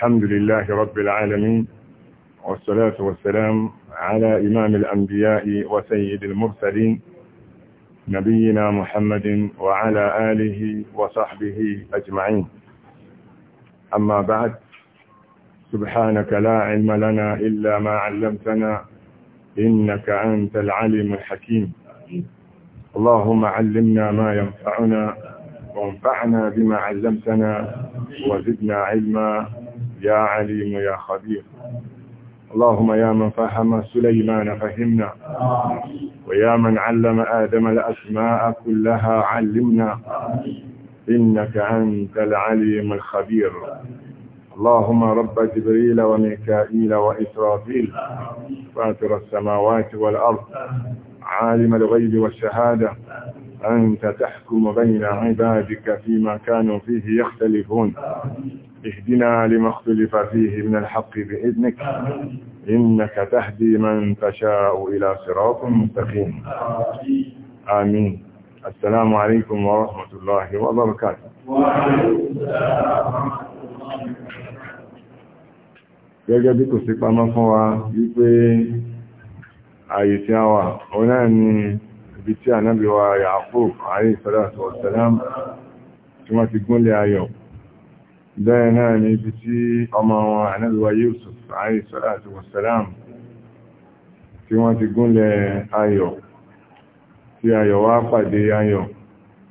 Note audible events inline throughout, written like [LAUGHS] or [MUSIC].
الحمد لله رب العالمين والصلاة والسلام على إمام الأنبياء وسيد المرسلين نبينا محمد وعلى آله وصحبه أجمعين أما بعد سبحانك لا علم لنا إلا ما علمتنا إنك أنت العليم الحكيم اللهم علمنا ما ينفعنا وانفعنا بما علمتنا وزدنا علما يا عليم يا خبير اللهم يا من فهم سليمان فهمنا ويا من علم آدم الأسماء كلها علمنا إنك أنت العليم الخبير اللهم رب جبريل وميكائيل وإسرافيل فاتر السماوات والأرض عالم الغيب والشهادة أنت تحكم بين عبادك فيما كانوا فيه يختلفون اهدنا لما اختلف فيه من الحق بإذنك إنك تهدي من تشاء إلى صراط مستقيم آمين السلام عليكم ورحمة الله وبركاته gẹ́gẹ́ bí kò sí pamọ́ fún wa wípé ààyè tí a wà òun náà ni ibi tí ànábì wa Yaqub alayhi salatu wa salam tí wọ́n ti gúnlẹ̀ ayọ̀ bẹ́ẹ̀ náà ibi tí ọmọ wọn ànábíwá Yusuf alayhi salatu wassalam tí wọ́n ti gúnlẹ̀ ayọ̀ tí ayọ̀ wá pàdé ayọ̀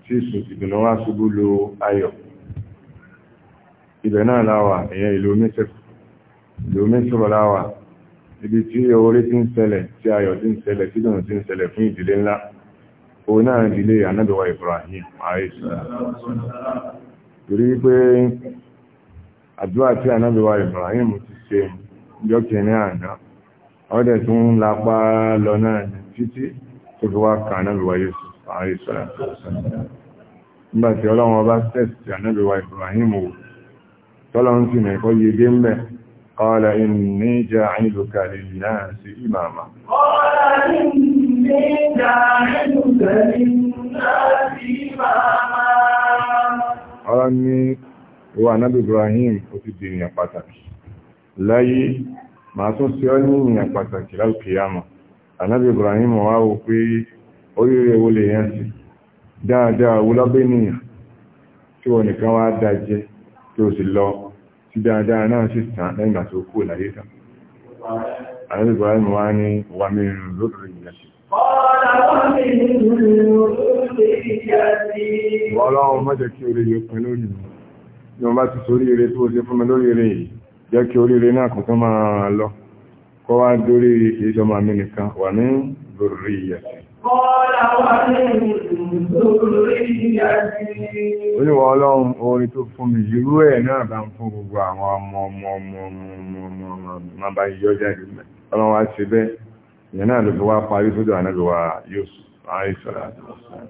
tí ìdùnnú wá ṣubú lo ayọ̀ ibẹ̀ náà láwà èyàn ìlú mẹ́sọ̀rọ̀ láwà ibi tí orí ti ń tí ayọ̀ ti ń ṣẹlẹ̀ tí ti ń fún ìdílé ńlá òun náà ìdílé Ibrahim àdúrà tí ànábì wa Ibrahim ti ṣe jọ́kìnrin àná ọdẹ̀ tó ń lápá lọ náà títí tó fi wá ka ànábì wa Yusuf àárí sọ́lá nígbàtí ọlọ́run ọba tẹ́sì ànábì wa Ibrahim wò tọ́lọ́ ń sì mẹ́kọ́ قال إني جاعلك للناس إماما قال إني ìwà anábì Ibrahim ó ti di èèyàn pàtàkì láyé màá tún sí ọ ní èèyàn pàtàkì lálùkìyàmọ̀ anábì Ibrahim wá wò pé oríire wo lè yẹn sí dáadáa wo lábẹ́ ènìyàn tí wọ́n nìkan wá dá jẹ tí ó sì lọ dáadáa náà sì tàn lẹ́yìn àti òkú láyé Ibrahim wá ní wàmí lórí ìyàtì Ọlọ́run mọ́jẹ̀ kí orí yóò pẹ̀lú bí wọ́n bá ti sórí ire tó ṣe fún mi lórí ire yìí jẹ́ kí oríire náà kò tó máa lọ kọ́ wá dórí ìṣọ́mà mi nìkan wà ní lórí ìyàtì ọlọ́run wá ṣe bẹ́, ìyẹn náà ló fi wá parí sódò ànábíwá Yusuf, àìsọ́lá àti ọ̀sán.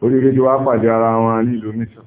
Oríire ti wá pàdé ara wọn nílùú Mísọ̀.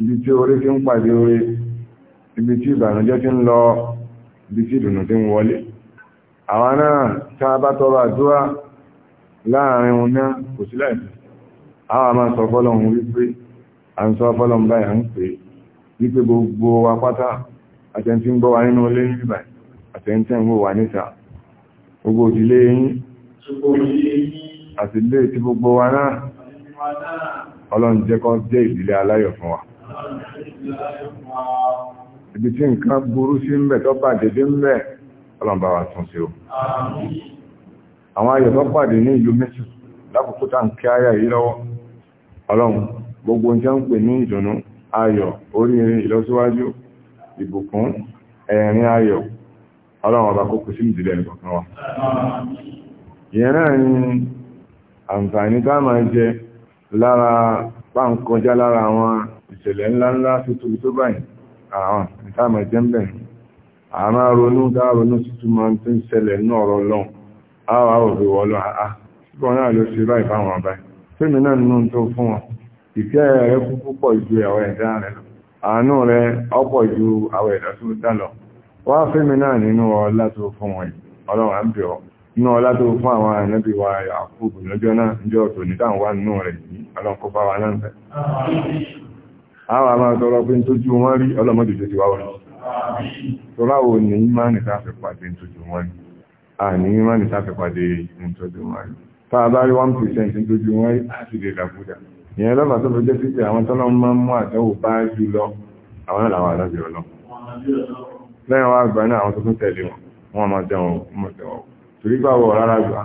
ibi tí orí ti ń pàdé orí ibi tí ìbànújẹ́ ti ń lọ ibi tí ìdùnnú ti ń wọlé àwọn náà tá a bá tọrọ àdúrà láàrin òun náà kò sí láìpẹ́ àwọn àmà sọ fọ́lọ́hun wípé à ń sọ fọ́lọ́hun báyìí à ń pè wípé gbogbo wa pátá àtẹ̀ntí ń gbọ́ wa nínú ilé ní bíbà àtẹ̀ntí ń wò wà níta gbogbo òdílé yín àti ilé tí gbogbo wa náà ọlọ́run jẹ́ jẹ́ ìdílé aláyọ̀ fún wa ibi tí nǹkan burú sí ń bẹ̀ tó bàjẹ́ dé ń bẹ̀ ọlọ́mbà wa tún sí o àwọn ayọ̀ tó pàdé ní ìlú mẹ́sù lákòókò tá ń kí ayà yìí lọ́wọ́ ọlọ́run gbogbo ń jẹ́ ń pè ní ìdùnnú ayọ̀ oríire ìlọsíwájú ìbùkún ẹ̀rin ayọ̀ ọlọ́run ọba kókò sí ìdílé ẹ̀kọ̀kan wa ìyẹn náà ni àǹfààní tá máa jẹ lára páǹkọjá lára àwọn ìṣẹ̀lẹ̀ ńláńlá tó tóbi tó báyìí àwọn ìtàmà ìjẹ́mbẹ̀ àmà ronú dá ronú títú ma ń tí ń ṣẹlẹ̀ náà rọ lọ́n àwà òfin wọlọ́ àá síbọ̀ náà ló ṣe báyìí fáwọn ọba fẹ́mi náà nínú tó fún wọn ìfẹ́ rẹ kú púpọ̀ ju àwọn ẹ̀dá rẹ lọ àánú rẹ ọ̀pọ̀ ju àwọn ẹ̀dá tó dá lọ wá fẹ́mi náà nínú ọlá tó fún wọn ọlọ́run àbí ọ inú ọlá tó fún àwọn ànábì wa àkókò lọ́jọ́ náà ń jọ́ tòní táwọn wà nínú rẹ̀ yìí ọlọ́run kó bá wa náà fẹ́ àwọn àmà tọrọ pé tójú wọn rí ọlọ́mọdé tó ti wá wọ́n tọ́lá wo ní ìmá ní sáfẹ́ pàdé tójú wọn rí à ní ìmá ní sáfẹ́ pàdé tójú wọn rí tá a bá rí 1% tójú wọn rí àti lè dàkúdà ìyẹn lọ́mà tó fẹ́ jẹ́ sí pé àwọn tọ́lọ́ máa ń mú àdánwò bá jù lọ àwọn náà làwọn àdájọ́ ọlọ́ lẹ́yìn wá gbà náà àwọn tó tún tẹ̀lé wọn wọn máa jẹun mọ̀ tẹ̀wọ̀ torí gbàwọ̀ rárá gbà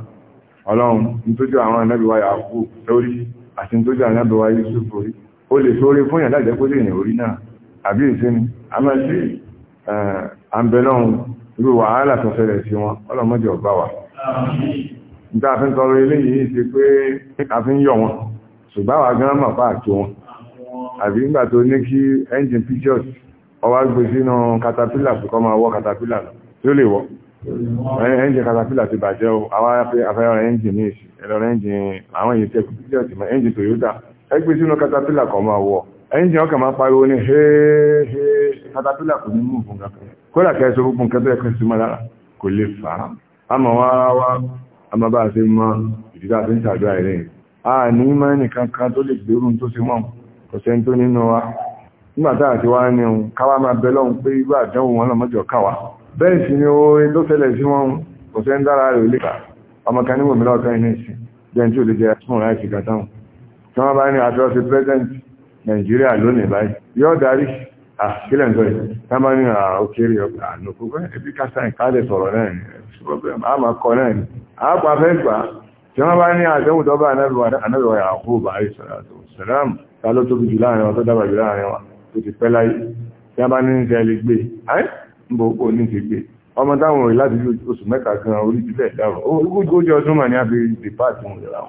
ọlọ́run nítòjú àwọn anábìwá yà kú lórí àti nítòjú anábìwá Yusuf orí o lè sóre fún ìyàn láìjẹ́ kó lè ní orí náà àbí ìsinmi a máa sí àbẹ̀lọ́run irú wàhálà tó fẹ́rẹ̀ sí wọn ọlọ́mọdé ọba wà nígbà fi ń tọrọ eléyìí ti pé a fi ń yọ wọn ṣùgbọ́n wà gán mà fáà tó wọn àbí nígbà tó ní kí engine pictures ọwá gbé sínú caterpillar tó kọ́ máa wọ́ caterpillar lọ tí ó lè wọ́ engine caterpillar ti ẹgbẹ́ sínú katapila kan máa wọ ẹ̀yìn ọkà máa pariwo ní hehehe katapila kò ní mú fún kankan kódà kẹsọ gbogbo nǹkan tó ẹ̀kọ́ sí máa lára kò lè a ṣe mọ ìdíkà tó ń ṣàdúrà rẹ̀ a ní máa nìkan wa nígbà tá àti wá ní òun káwá máa bẹ lọ́hùn pé irú àdánwò wọn ni orin tó ṣẹlẹ̀ sí wọn kò sẹ́ni dára rẹ̀ lè tí wọ́n bá ní àtúrọ́sí president Nàìjíríà lónìí báyìí yóò darí àkílẹ̀ ń sọ yìí tí wọ́n bá ní àókèrè ọgbà ànàkú ẹbí kásá ìkádẹ̀ sọ̀rọ̀ náà ni àmà kọ náà ni àápa fẹ́ gbà tí wọ́n bá ní àtẹ́wù tó bá anábìwà yàkó báyìí sàlámù ta ló tóbi jù láàrin wọn tó dábàá jù láàrin wọn tó ti pẹ́ láyé tí wọ́n bá ní ìṣẹ́ ilé gbé ẹ́ ń bo òpó ní ti gbé ọmọ táwọn òrì láti oṣù mẹ́ta kan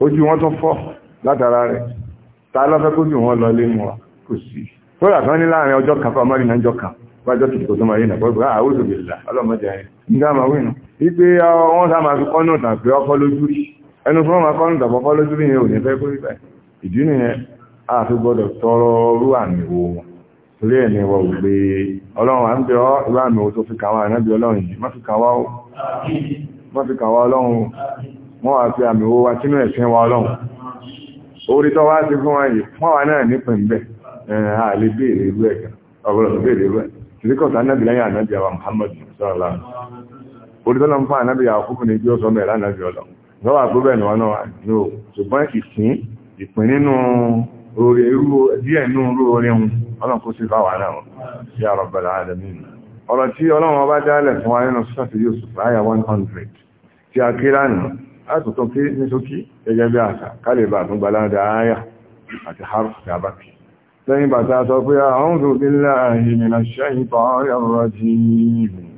ojú wọn tó fọ́ látara rẹ̀ ta lọ́fẹ́ kó jù wọn lọ lé mọ́ kò sí fọ́lá kan ní láàrin ọjọ́ kan fún amárìnà ọjọ́ kan wájọ́ tó tó máa rí nà pẹ́gbẹ́ àwòsò bèèlà ọlọ́mọdé ayé ń dá máa wínu wípé ah, wọ́n sá máa fi kọ́nù tàn pé ọkọ́ lójú rí ẹnu fún ọmọ kọ́nù tàn pọ́kọ́ lójú rí yẹn ò ní fẹ́ kó rí báyìí ìdí nìyẹn a fi gbọ́dọ̀ tọrọ rú àmì wo wọn torí ẹ̀ ní wọ́n gbé ọlọ́run à ń bẹ ọ́ irú àmì wo tó fi kàwọn ànábì ọlọ́run yìí má fi kàwá ọlọ́run wọ́n wá fi àmì owó wa sínú ẹ̀sìn wa ọlọ́run orí tó wá sí fún wa yìí wọ́n wá náà nípìn bẹ́ ẹ̀hà lè Muhammad sọ́ọ̀lá orí tó lọ ń fún anábì àwọn kúkú ní ibi ó sọ mẹ́rẹ̀ anábì ọlọ́ lọ́wọ́ àgbóbẹ̀ ni wọ́n náà wà ní o ṣùgbọ́n ìsìn ìpín nínú orí irú díẹ̀ nínú irú orin ọlọ́run kó sí fáwọn náà sí àrọ̀bẹ̀lẹ̀ àdàmì ọ̀rọ̀ tí ọlọ́run àtúntún kí ní sókí gẹ́gẹ́ bí àṣà kálẹ̀ bá tún gbalada àyà àti harf tàbákì lẹ́yìn bàtà sọ pé a'udhu billahi minash shaytanir rajim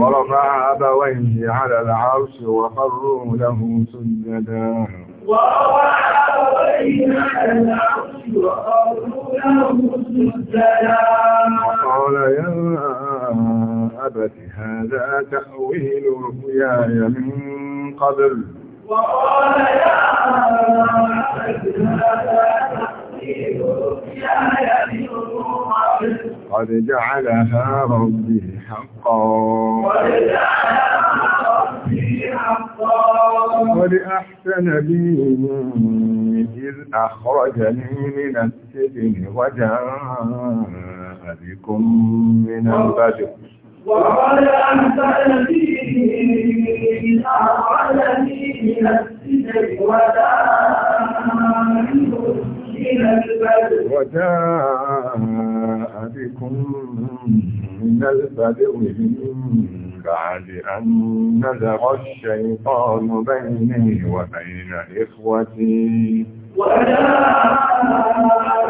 ورفع أبويه على العرش وخروا له سجدا ورفع أبويه على العرش وخروا له سجدا وقال يا أبت هذا تأويل رؤياي من قبل وقال يا هذا تأويل رؤياي من قبل قد جعلها ربي حقا قد جعلها ربي حقا قد أحسن بي إذ أخرجني من السجن وجاء بكم من البدر وقال أنبأني به أعلمي من السجن وجاء بكم من البدو من بعد أن نزغ الشيطان بيني وبين إخوتي وجاء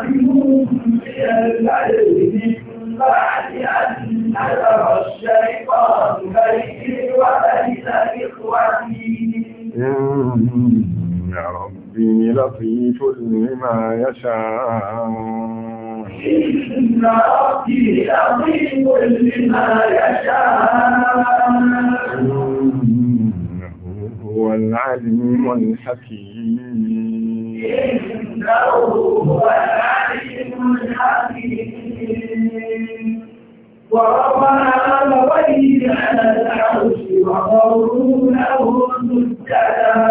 بكم من البدو بعد أن نزغ الشيطان بيني وبين إن ربي لطيف لما يشاء إن ربي لطيف لما يشاء هو العليم الحكيم إنه هو العليم الحكيم ورفعنا مبين على العرش وقروا له سجدا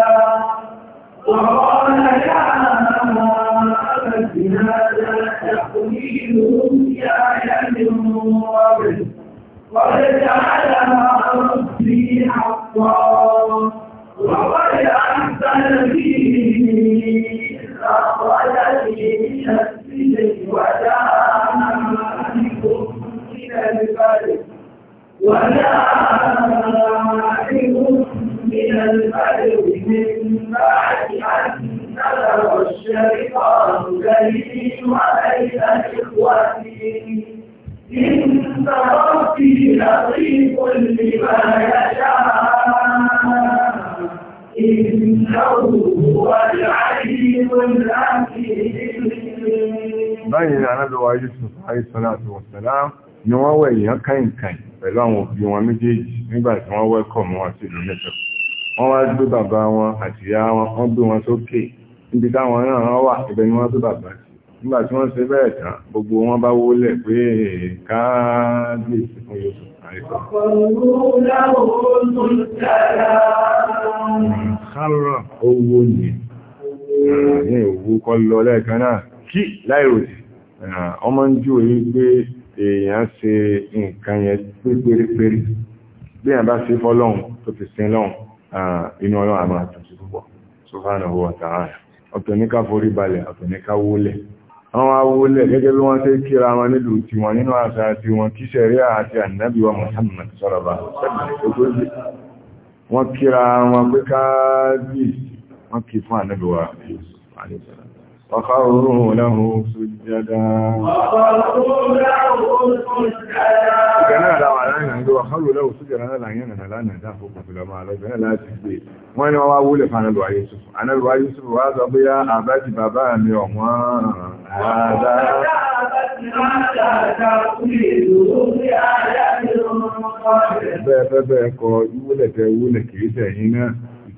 وقال يا أبت هذا تحويل رؤياي من قبل قد جعلها ربي حقا وقد أحسن فيه أخرجني من السجن وجعل الفجر ولا أعلم من الفجر من بعد أن نذر الشيطان ليلي وليل إخوتي إن ربي لطيف لما يشاء إنه بين عن ابي عليه الصلاه والسلام ni wọ́n wẹ̀ èèyàn káìnkàìn pẹ̀lú àwọn òbí wọn méjèèjì nígbà tí wọ́n wẹ́kọ̀ mọ́ wọn sí ìlú mẹ́ta wọ́n wá gbé bàbá wọn àti ìyá wọn wọ́n gbé wọn sókè níbi táwọn náà wà ibẹ̀ ni wọ́n gbé bàbá sí nígbà tí wọ́n ṣe bẹ́ẹ̀ tán gbogbo wọn bá wólẹ̀ pé káàbíyèsí fún Yusuf àìsàn. kárọ̀ owó ni ní òwú kọ́ lọ lẹ́ẹ̀kan náà kí láìròtì ọmọ ń jù èyí pé èèyàn ṣe nǹkan yẹn pé pérépéré bí èèyàn bá ṣe fọ́lọ́hun tó fi sin lọ́hun inú ọlọ́run àmà àtúntì púpọ̀ subhanahu wa ta'ala ọ̀tọ̀ ní ká forí balẹ̀ ọ̀tọ̀ ní ká wólẹ̀ àwọn awólẹ̀ gẹ́gẹ́ bí wọ́n ṣe kíra wọn nílùú tí wọn nínú àṣà tí wọn kí sẹ̀ríà àti ànábì wa Muhammad sọ́rọ̀bà wọ́n kíra wọn pé káàdì wọ́n kí fún ànábì wa àlẹ́sọ̀rọ̀ وخروا له سجدا كان هذا معناه ان وخروا له سجدا لا يعنى لا نهدافه في لما لا لا تسبي وين هو اول فانا لو يوسف انا لو يوسف وهذا بيا اباتي بابا مي هذا bẹ́ẹ̀ bẹ́ẹ̀ bẹ́ẹ̀ kọ ìwúlẹ̀ tẹ ìwúlẹ̀ kìí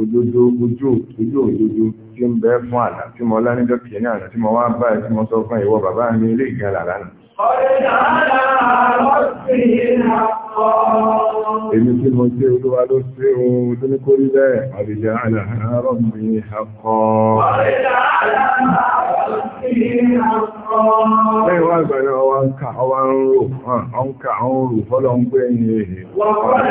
òjòjò ojú ojú òjòjò tí ń bẹ fún àlà tí mo lá níjọ́ kìí ní àlà tí mo wá báyìí tí mo sọ fún ìwọ bàbá mi ilé ìgbàlà lánàá. Èmi tí mo jẹ́ olúwa ló sí ohun tó ní kó bẹ́ẹ̀, àdìjà àlàárọ̀ mi akọ́. Lẹ́yìn wá ìgbà náà wá ń ká, ọwá ń rò, ọ ń ká, ọ ń rò, fọ́lọ́ ń gbé ẹ̀yìn èhè. Wọ̀n kọ́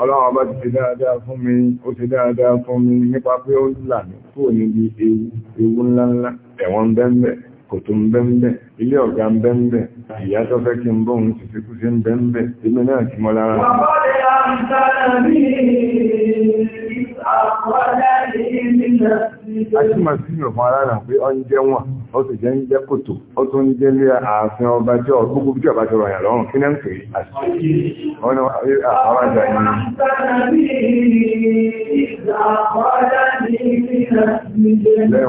Ọlọ́run ọba ti ṣe dáadáa fún mi, ó ṣe dáadáa fún mi nípa pé ó là ní kò níbi ewu, ńláńlá, ẹ̀wọ̀n bẹ́m̀bẹ̀, kòtò bẹ́m̀bẹ̀, ilé ọ̀gá bẹ́m̀bẹ̀, ìyá tó fẹ́ kí n bóhun ti fi kú sí bẹ́m̀bẹ̀, ilé náà ti mọ́ lára. Wọ́n bọ́ ó sì jẹ́ ń jẹ́ kòtò ó tún jẹ́ lé ààfin ọba jọ gbogbo bí ọba jọ rọ̀yàn lọ́rùn kí náà ń pè wọ́n náà àwọn àjà yìí lẹ́yìn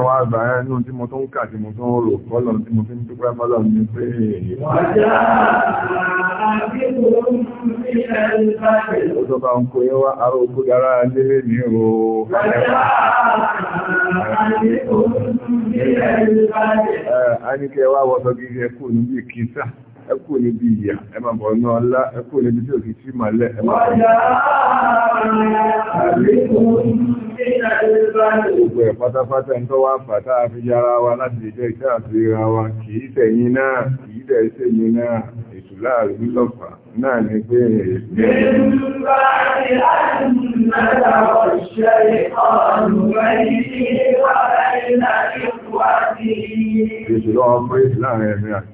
wá àgbà ẹnu tí mo tún ń kà tí mo tún ń rò fọ́lọ̀ tí mo fi ń dúpẹ́ fọ́lọ̀ ní pé ó tó bá ń kó yẹ wá àrò òkú dára lélẹ̀ ní o. Àjá àti òun ní ẹ̀rù Eh, a ní kẹ wá wọ́sọ gírí ẹkù níbi ìkísà ẹkù níbi ìyà ẹmà bọ̀ ní ọlá ẹkù níbi tí ò fi sí màlẹ̀ ẹmà Gbogbo ẹ̀ pátápátá ń tọ́wà fàtà àfijara wa láti ìjọ ìṣẹ́ àti wa kìí láàrin lọ́pàá náà ni pé èèyàn. Ìṣòro ọmọ pé láàrin ẹ̀mí àti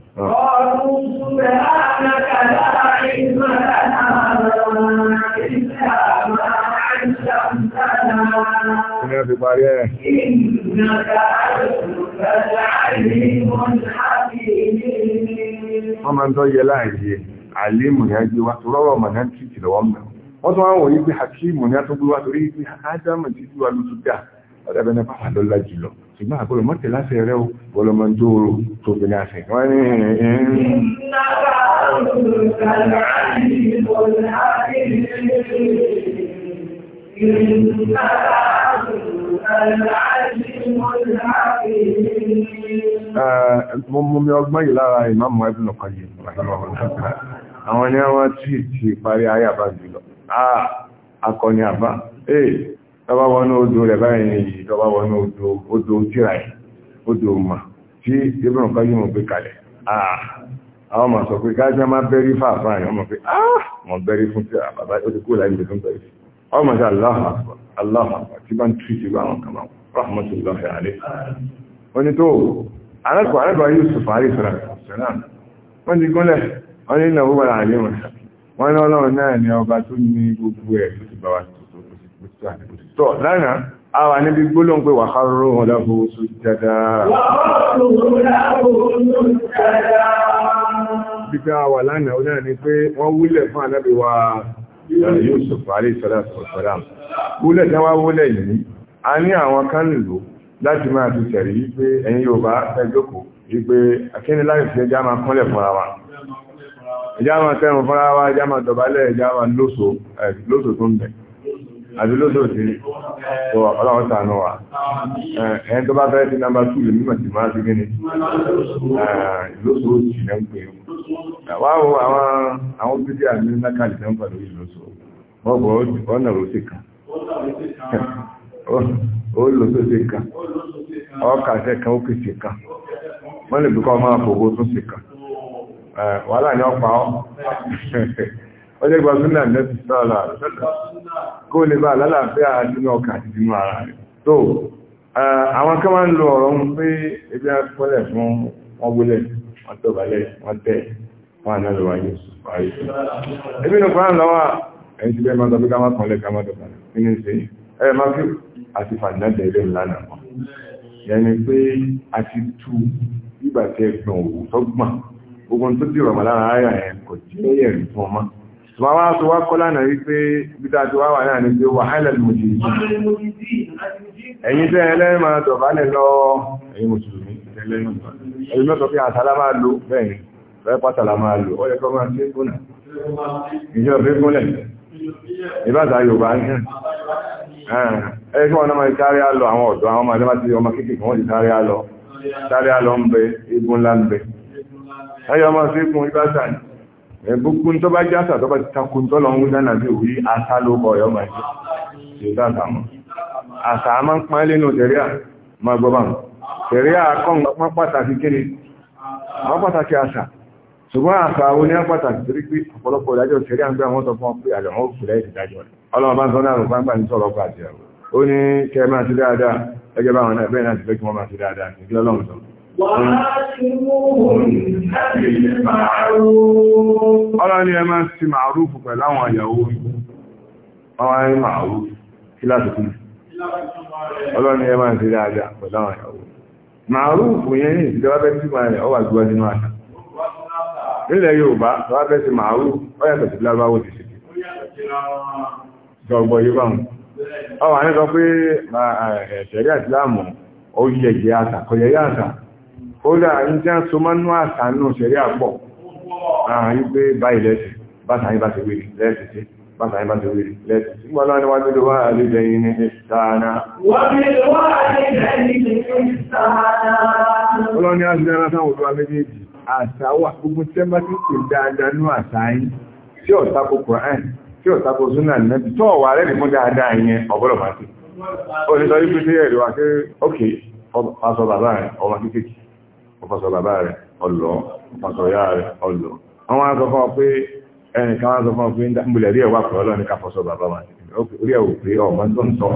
قالوا سبحانك لا علم لنا إلا ما علمتنا إنك أنت العليم الحكيم ومن ضي لاهي àlímù ní agbé wá rọ́rọ̀ mọ̀nà títì lọ́wọ́ mẹ́rin wọ́n tó wọ́n wọ̀nyí pé hakimu ní a tó gbé wá torí pé ádámù títí wà lójú dáa ọ̀dẹ́bẹ̀ náà pàpà lọ́la jùlọ ṣùgbọ́n àgbọ̀rọ̀ mọ́tẹ̀ láti rẹ̀ ó bọ́lọ́mọ tó rò tó fi láti wọ́n ní ẹ̀ẹ́rìn mo mú mi ọgbọ́n yìí lára ìmáàmù ẹbí nìkan yìí àwọn ni wọ́n tí ì ti parí ayé àbá jùlọ ah, akọni àbá eh, tọba wọnú odò rẹ̀ báyìí yìí tọba wọnú odò tíra ẹ̀ odò mà tí ibùn kan yìí mọ̀ pé kalẹ̀ àwọn ọmọ sọ pé káàkiri máa bẹ́rí fàáfàá yìí ọmọ pé mọ̀ bẹ́rí fún tíra bàbá ó ti kó láì lè fún bẹ́rí ọmọ sí aláhà tí bá ń tú ìṣirò àwọn kan máa rahmatullahi alẹ́ oní tó alákọ̀ alákọ̀ Yusuf alayhi salam wọ́n ti gúnlẹ̀ wọ́n ní ìnáwó wà láàrin wọn wọ́n ní ọlọ́run náà ní ọba tó ní gbogbo ẹ̀ tó ti bá wa tó tó tó tọ́ lánàá a wà níbi gbólóhùn pé wà kárò ọ̀láhù sùjádà gbígbá wà lánàá ó náà ni pé wọ́n wúlẹ̀ fún ànábì wa eh, Yusuf aléìsọ́lásọ̀sọ̀lám wúlẹ̀ tí wá wúlẹ̀ yìí a ní láti máa fi tẹ̀rí wípé ẹ̀yin yóò bá ẹjọ́kòó wípé akíní láì fi ẹjá máa kúnlẹ̀ fúnra wa ẹjá máa tẹ́rùn fúnra wa ẹjá máa dọ̀bálẹ̀ ẹjá máa eh, lóso tó ń bẹ̀ àbí lóṣòṣì tó ọlọ́run wa ẹni tó bá fẹ́ sí máa gíní lẹ́ ń pè é àwọn àwọn àmì lákàlì tẹ́ ń pàdé yìí lóṣò wọ́n bọ̀ kan ó kan ọkà tẹ́ kan ó kan wọ́n lè bí kọ́ máa fòwò tó sì kan wàhálà ni ọ́ [LAUGHS] ọjọ́ ìgbà súnà nẹ́bí sọ́lá kó lè bá lálàáfíà nínú ọkà àti nínú ara rẹ̀ tó àwọn kan máa ń lo ọ̀rọ̀ ń pé ebi apọ́lẹ̀ fún wọn gbólẹ̀ wọn tọ́balẹ̀ wọn tẹ̀ wọn ànálò wáyé wáyé ebi nù fún àlọ́wà ẹni tí bẹ́ẹ̀ máa tọ́bí ká máa kànlẹ̀ ká máa tọ́balẹ̀ nínú ìṣe ẹ máa fi àti fàdínàdẹ̀ ilé wọn yẹni pé a ti tó dìrọ̀ lára ayà yẹn kò jẹ́ ẹ̀rí fún ọmọ wàwá tó wá kọ́ lánàá wípé bídá tó wá wà náà ní pé wàhálà lòdì ẹ̀yin tẹ́ ẹlẹ́rìn máa dọ̀bálẹ̀ lọ ẹ̀yin mùsùlùmí ẹ̀yin mẹ́sọ̀ pé àtàlá máa lò bẹ́ẹ̀ bẹ́ẹ̀ pátàlá máa lò ó yẹ kọ́ máa ṣe fúnà ìjọ fẹ́ fúnlẹ̀ ìbáta Yorùbá ń hàn ẹ̀yẹ́ kí wọ́n náà máa sáré àlọ àwọn ọ̀dọ́ àwọn ọmọdé bá ti ọmọ kéékèèké wọ́n ti sáré àlọ sáré àlọ ń ẹ̀bùkún tó bá jásà tó bá ti takun tó lọ ń wúdá nàbí òwúrí asá ló kọ ọ̀yọ́ máa jẹ́ ṣètò àtàmọ́ àṣà máa ń pán lẹ́nu tẹ̀ríà máa gbọ́ bá tẹ̀ríà kọ́ mọ́ pàtàkì kéde wọ́n pàtàkì àṣà ṣùgbọ́n àṣà wo ní pàtàkì torí pé ọ̀pọ̀lọpọ̀ ìdájọ́ tẹ̀ríà ń gbé àwọn tó fún pé àlẹ́ wọn kù lẹ́yìn ìdájọ́ rẹ̀ ọlọ́run bá ń sọ náà ló gbangba ní sọ̀rọ̀ pàtì ẹ̀rọ Ọlá ni ẹ máa sí màárùfù pẹ̀lú àwọn àyàwó ọwá ní màárùfù kí láti kú. Ọlá ni ẹ máa sí dáadáa pẹ̀lú àwọn àyàwó. yẹn ní máa rẹ̀ ọwà nínú àṣà. Ilẹ̀ Yorùbá, yàtọ̀ sí lábáwò ti ṣe. bá Ọwà ní sọ ẹ̀ṣẹ̀rí àti láàmù, ó yẹ kódà ní tí a so mọ́ nú àṣà nù ṣẹ̀rí àpọ̀ ààrín pé báyìí lẹ́sẹ̀ bátàáyí bá ti wèrè lẹ́sẹ̀ sí bátàáyí bá ti wèrè lẹ́sẹ̀ sí wọ́n láwọn wájú ló wá àlejẹ́ yìí ní ìsáàná wọ́n ní àṣìlẹ̀ aláṣán òjò méjèèjì àṣà wà gbogbo tẹ́ bá ti pè dáadáa nú àṣà yìí tí ó tako Kùránì tí ó tako súnà nẹ́bí tó ọ̀wà rẹ̀ fún dáadáa yẹn ọ̀gbọ́dọ̀ máa ti ó ní sọ yí pé sí ẹ̀rọ wà pé ókè ọmọ kékeré ọ̀fọ́sọ bàbá rẹ̀ ọlọ́ ọ̀fọ́sọ ìyá rẹ̀ ọlọ́ àwọn akọ́kọ́ pé ẹnìkan wá sọ fún ọ pé ń rí ẹ̀wà pẹ̀lú ọlọ́ni ká fọ́sọ bàbá wa orí ẹ̀wò pé ọmọ tó ń sọ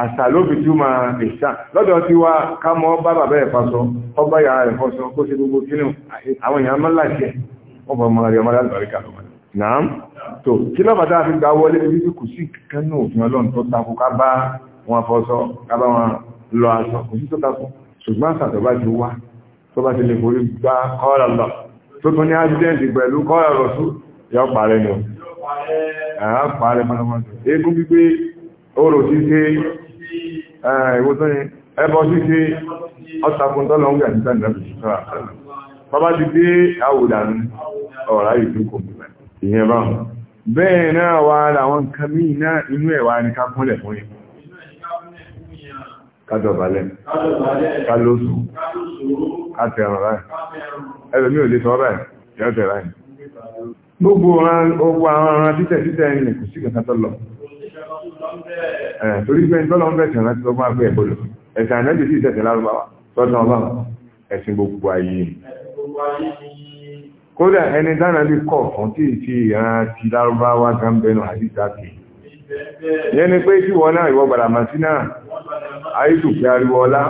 àṣà ló fi tú máa ìṣà lọ́dọ̀ tí wá ká mọ́ bá bàbá ẹ̀ fọ́sọ ọba ìyá rẹ̀ fọ́sọ kó ṣe gbogbo kínú àwọn èèyàn mọ́ láṣẹ wọ́n fọ́ ọmọ rẹ̀ ọmọ lálùbáríkà lọ́wọ́ náà tó kí lọ́bàá tá a fi gba wọlé orí kò sí kankan náà òfin ọlọ́run tó takò ká bá wọn fọ́sọ ká bá wọn lọ aṣọ kò sí tó takò ṣùgbọ́n àṣà tó bá ti wá tó bá ti lè forí gbá kọ́ọ̀lá lọ tó tún ní ájídẹ́ǹtì pẹ̀lú kọ́ọ̀lá lọ sí yọ parẹ́ ni ẹ̀rọ parẹ́ mọ́nàmọ́nà eégún gbígbé oòrò ṣíṣe ìwòsànyìn ẹbọ ṣíṣe ọ́sàkùn tọ́lọ ń gbà nígbà nígbà nígbà bàbá ti dé àwòdànù ọ̀rá ìdúkò ìyẹn bẹ́ẹ̀ náà wà láwọn nǹkan míì náà inú ẹ̀wà ní ká kúnlẹ̀ fún yìí kádọ̀bálẹ̀ kálóṣù kátẹ̀rùn ráì ẹlòmí ò lè sọ ráì yọ́tẹ̀ ráì gbogbo ogun àwọn ọ̀ràn títẹ̀ títẹ̀ ẹ̀yìn kò sí kẹta tọ́lọ torí pé tọ́lọ ń bẹ̀tẹ̀ rántí lọ́gbọ́n agbé ẹ̀bọ̀lọ̀ ẹ̀sìn ànẹ́bì sí ìtẹ̀tẹ̀ lárúbáwá tọ́tàn ọba ẹ̀sìn gbogbo ayé kódà ẹni dáná bí kọ̀ fún tí ìfi ìran ti lárúbáwá gan bẹnu àdìsáàkì yẹn ni pé tí wọ́n náà ìwọ gbàdàmà sí náà àìsùn pé ariwo ọlá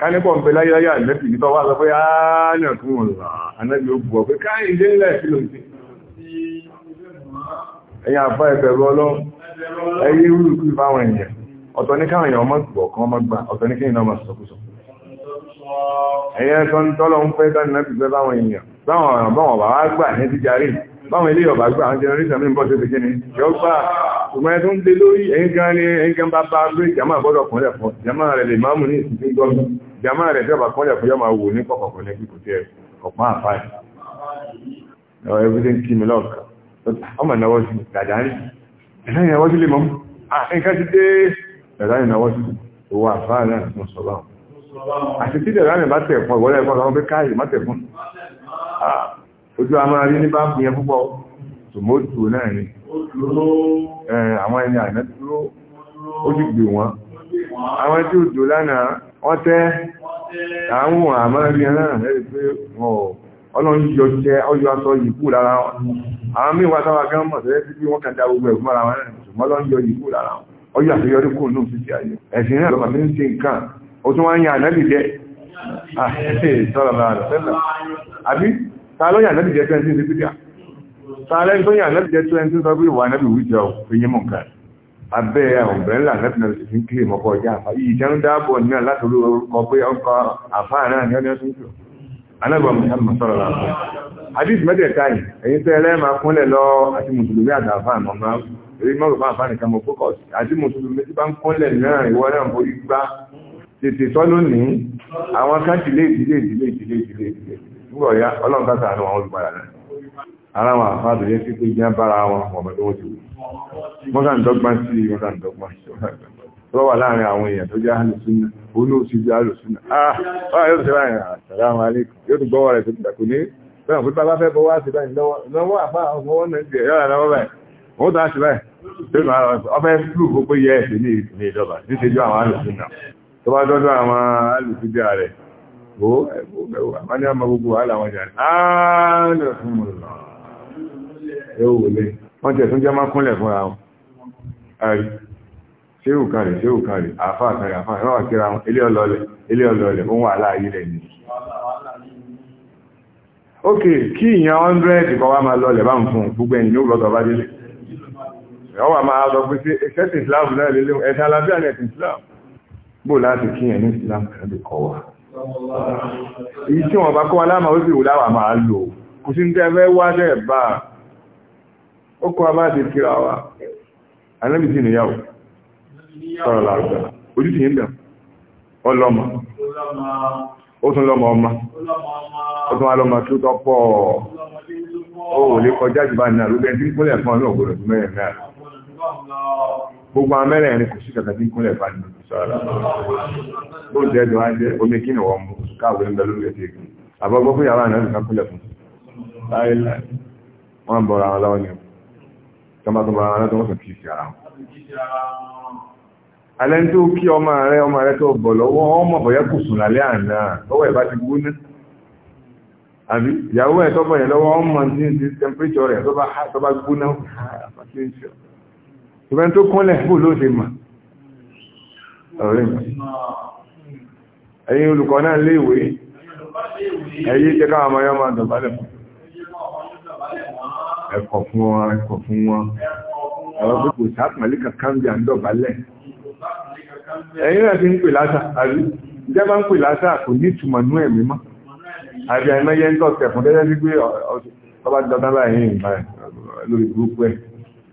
kánípọ̀ ń pẹ láyéláyé àìlẹ́pì ní tọ́wọ́ àgbẹ́fẹ́ ààrẹ fún ọ̀rọ̀ ànẹ́bí ó bùọ̀ pé káàkiri ilé ńlẹ̀ sí lò sí ẹ̀yìn àbá ẹ̀bẹ̀rù ọlọ́run ẹ̀yí rúrùkú ìfáwọn èèyàn ọ̀tọ̀ ní káwọn èèyàn ọmọ gbọ̀ kan ọmọ gbà ọ̀tọ̀ ní kí báwọn ọ̀ràn báwọn bàbá gbà ní ti jàrí báwọn ilé ọ̀bà gbà àwọn generation mi ń bọ́ sí ti kíni yọ gbà ṣùgbọ́n ẹ tó ń lé lórí ẹ̀yìn gan ni ẹ̀yìn gan bá bá gbé jàmá àbọ́dọ̀ kúnlẹ̀ fún jàmá rẹ̀ lè máa mú ní ìsìnkú gbọ́ jàmá rẹ̀ tí ọba kúnlẹ̀ fún yọ máa wò ní kọ̀kọ̀kọ̀ ní kíkò tí ẹ ọ̀pá àfáì ẹ̀rọ ẹgbẹ́ ń kí mi lọ́ọ̀kà ọmọ ìnáwó sí dàdárí ẹ̀sán ìnáwó sí lè mọ́ nǹkan ti dé dàdárí ìnáwó sí owó àfáà náà mọ̀ sọ́lá àti tí dàdárí bá tẹ̀ fún Ah, ojú a rí ní báàpù yẹn púpọ̀ tòmótò náà ni àwọn ẹni àná dúró ó sì gbè wọ́n àwọn tí ó dò lánàá wọ́n tẹ́ àwọn àmọ́ rí náà lẹ́rí pé ọlọ́run jẹ́ ọyọ aṣọ yìí kú lára wọn àwọn gán mọ̀ tẹ́lẹ̀ wọ́n kàn dá gbogbo ara wọn ọlọ́run yìí kú lára wọn ọyọ àṣeyọrí nù sí ti ayé ẹ̀sìn náà Ah, sallallahu alaihi wasallam àbí tààlọ́ yà nẹ́bì jẹ́ 20 sípìdíà tààlẹ́ tó yà nẹ́bì jẹ́ 20 sọ pé ìwà nẹ́bì wíjọ òfin mọ̀ nǹkan abẹ́ ọ̀bẹ̀rẹ́là nẹ́bì náà ti kílè mọ́kọ̀ ọjà àfá yìí jẹ́ ń dáàbọ̀ náà láti orí orúkọ pé ọkọ̀ àfá náà ni ọdún ọdún kìlọ̀ anábọ̀ mùsàmù sọ̀rọ̀ làwọn hadith mẹ́tẹ̀ẹ̀ta yìí ẹ̀yin tẹ́ ẹlẹ́ máa kúnlẹ̀ lọ àti mùsùlùmí àtàfà àmọ́mọ́ èyí mọ́rùn-ún àfáàní kan mọ́ fókọ̀ọ̀sì àti bá ń kúnlẹ̀ náà ìwọ́n náà forí tètè tọ́ lónìí àwọn kan dìlé ìdílé ìdílé ìdílé ìdílé ọ̀yá ọlọ́run àwọn náà ara wọn àfáàdù yẹ sí pé jẹ́ bára wọn ọmọ tó wọ́n ti wù sí wọ́n sàn dọ́gbọ́n sí láàrin àwọn èèyàn tó jẹ́ jẹ́ ah yóò yóò gbọ́wọ́ rẹ̀ tó ti dàkú ní tó bá dọ́dọ̀ àwọn alùpùpù rẹ̀ ó ẹ̀bọ̀ àwọn ní ọmọ gbogbo aláwọn jàrí ààrẹ fún mọ̀ lọ ẹ̀wò wòlé wọ́n tẹ̀ tún jẹ́ máa kúnlẹ̀ fún àwọn àrí ṣéhù kàrí ṣéhù kàrí àfáà kàrí àfáà ẹ̀wọ̀n àkíra wọn ilé ọlọ́lẹ̀ ilé ọlọ́lẹ̀ ó wà láàyè rẹ̀ ni ok kí ìyàn bó láti kí ẹ̀ ní islam kẹ́lẹ̀ kọ́ wa èyí tí wọ́n bá kọ́ aláàmà wípé ìwòláwà máa lò kò sí tẹ́ fẹ́ wá tẹ́ bá ó kọ́ bá ti kíra wa anábì sí ìnìyàwó sọ̀rọ̀ làrúgbà ojú ti yí ń bẹ̀ ọlọ́mọ ó tún lọ́mọ ọmọ ó tún alọ́mọ tó tọ́pọ̀ ó lè kọjá jù bá ní àrúgbẹ́ tí ń kúnlẹ̀ fún ọlọ́gbọ̀rọ̀ mẹ́rin mẹ́rin gbogbo amẹ́rẹ̀ ẹni kò sí kàkà tí ń kúnlẹ̀ fàájú sọ́rọ̀ bó jẹ́ ẹ̀dùn á jẹ́ omi kí ni wọ́n mú káàwé ń bẹ lórí ẹ̀tì ẹ̀kùn àbọ́gbọ́ fún yàrá náà nìkan kúnlẹ̀ fún láìláì wọ́n bọ̀rọ̀ àwọn lọ́wọ́ ni tọ́mọ́tọ́mọ́ àwọn lọ́tọ́ wọ́n sọ kí sí ara wọn. alẹ́ tó kí ọmọ rẹ ọmọ rẹ tó bọ̀ lọ́wọ́ ọmọ bọ̀yá kò sùn lálẹ́ àná lọ́wọ́ ẹ̀ ti gbóná àbí ìyàwó ẹ̀ tọ́bọ̀ yẹn lọ́wọ́ ọmọ ní ti temperature rẹ̀ tó bá ìbẹ̀n tó kúnlẹ̀ bó ló ṣe mọ̀ ọ̀rẹ́ mi ẹ̀yin olùkọ́ náà lé ìwé ẹ̀yí jẹ́ káwọn ọmọ yọ́mọ dọ̀bálẹ̀ fún ẹ̀kọ́ fún wọn ẹ̀kọ́ fún wọn àwọn pípò sápàlẹ́ kankan bí à ń dọ̀bálẹ̀ ẹ̀yin náà ti ń pè lásà àrí ìjẹ́ bá ń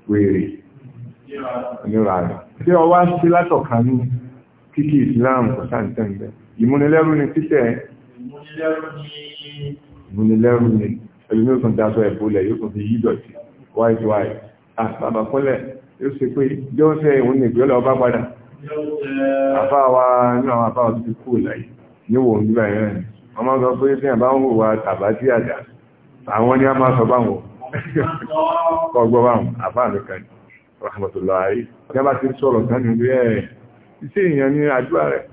pè ìnira rẹ̀ tí ọ wá sí látọ̀kan ní kíkí ìsìláàmù kò sáǹtẹ̀ ńbẹ ìmúnilẹ́rú ni títẹ̀ ìmúnilẹ́rú ni ẹlùmí ó tún dáṣọ ẹ̀bùlẹ̀ yóò tún fi yí dọ̀tí white white àbàbà kúnlẹ̀ yóò ṣe pé jọ́ọ̀ṣẹ́ ìwọ̀n ní ìgbéọ́lẹ̀ ọba padà àbá wa ní àwọn àbá ọdún ti kú láyé níwò ń gbà yẹn wọ́n máa ń sọ pé bí àbá ń hùwà tàbá tí àjà àwọn ni a máa sọ báwọn [LAUGHS] kọgbọ́ báwọn àbá mi rahmatullahi ọjọ́ bá ti sọ̀rọ̀ tánì orí ẹ̀ iṣẹ́ èèyàn ní àdúrà rẹ̀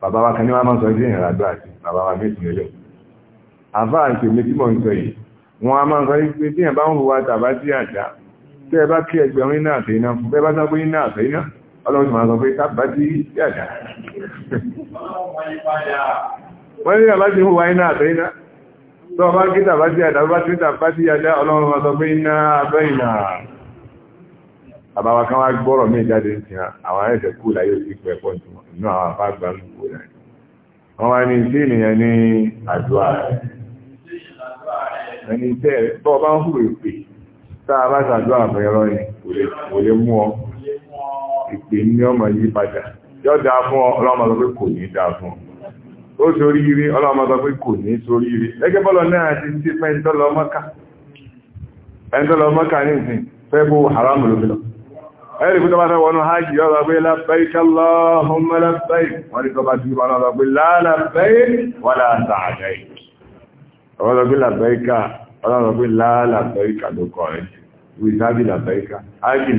bàbá wa kan ní wá máa sọ iṣẹ́ èèyàn àdúrà sí bàbá wa méjì lélẹ̀ àfáà àti èmi tí mò ń sọ yìí wọn a máa sọ pé bí ẹ̀ bá ń hùwà tàbá sí àjá tẹ́ ẹ bá kí ẹgbẹ̀rún iná àtẹ iná bẹ́ẹ̀ bá sábó iná àtẹ iná ọlọ́run ti sọ pé tábà sí àjá wọ́n ní àbá ti hùwà iná àtẹ iná tọ́ ọba kí tàbá sí àjá ọlọ́run máa sọ pé iná abẹ́ ìnà bàbá wa kan wá gbọ́rọ̀ mí jáde ń tiwọn àwọn ẹ̀sẹ̀ kú láyé òsì pẹ̀ pọ̀ jù nínú àwọn afá gbà ń kú rẹ̀ wọ́n wá ní tí ènìyàn ní àdúrà rẹ̀ ẹni tẹ́ rẹ̀ tọ́ bá ń hùrù ìpè tá a bá ṣàdúrà fún ẹ̀rọ ni kò lè mú ọ ìpè ní ọmọ yí padà yóò dáa fún ọlọ́mọ sọ pé kò ní dáa fún ó sórí rí ọlọ́mọ sọ pé kò ní sórí rí gẹ́gẹ́ bọ́lọ̀ náà ti ti haram lóbi ẹ̀rì fún tọ́bátà wọnú hajji ọ̀rọ̀ pé labbaik Allahumma labbaik wọ́n ni tọ́bátà wọnú ọ̀rọ̀ pé la labbaik wala sa'daik ọ̀rọ̀ pé labbaik ọ̀rọ̀ pé la labbaik àdókọ̀ rẹ̀ wìsáàbì labbaik hajji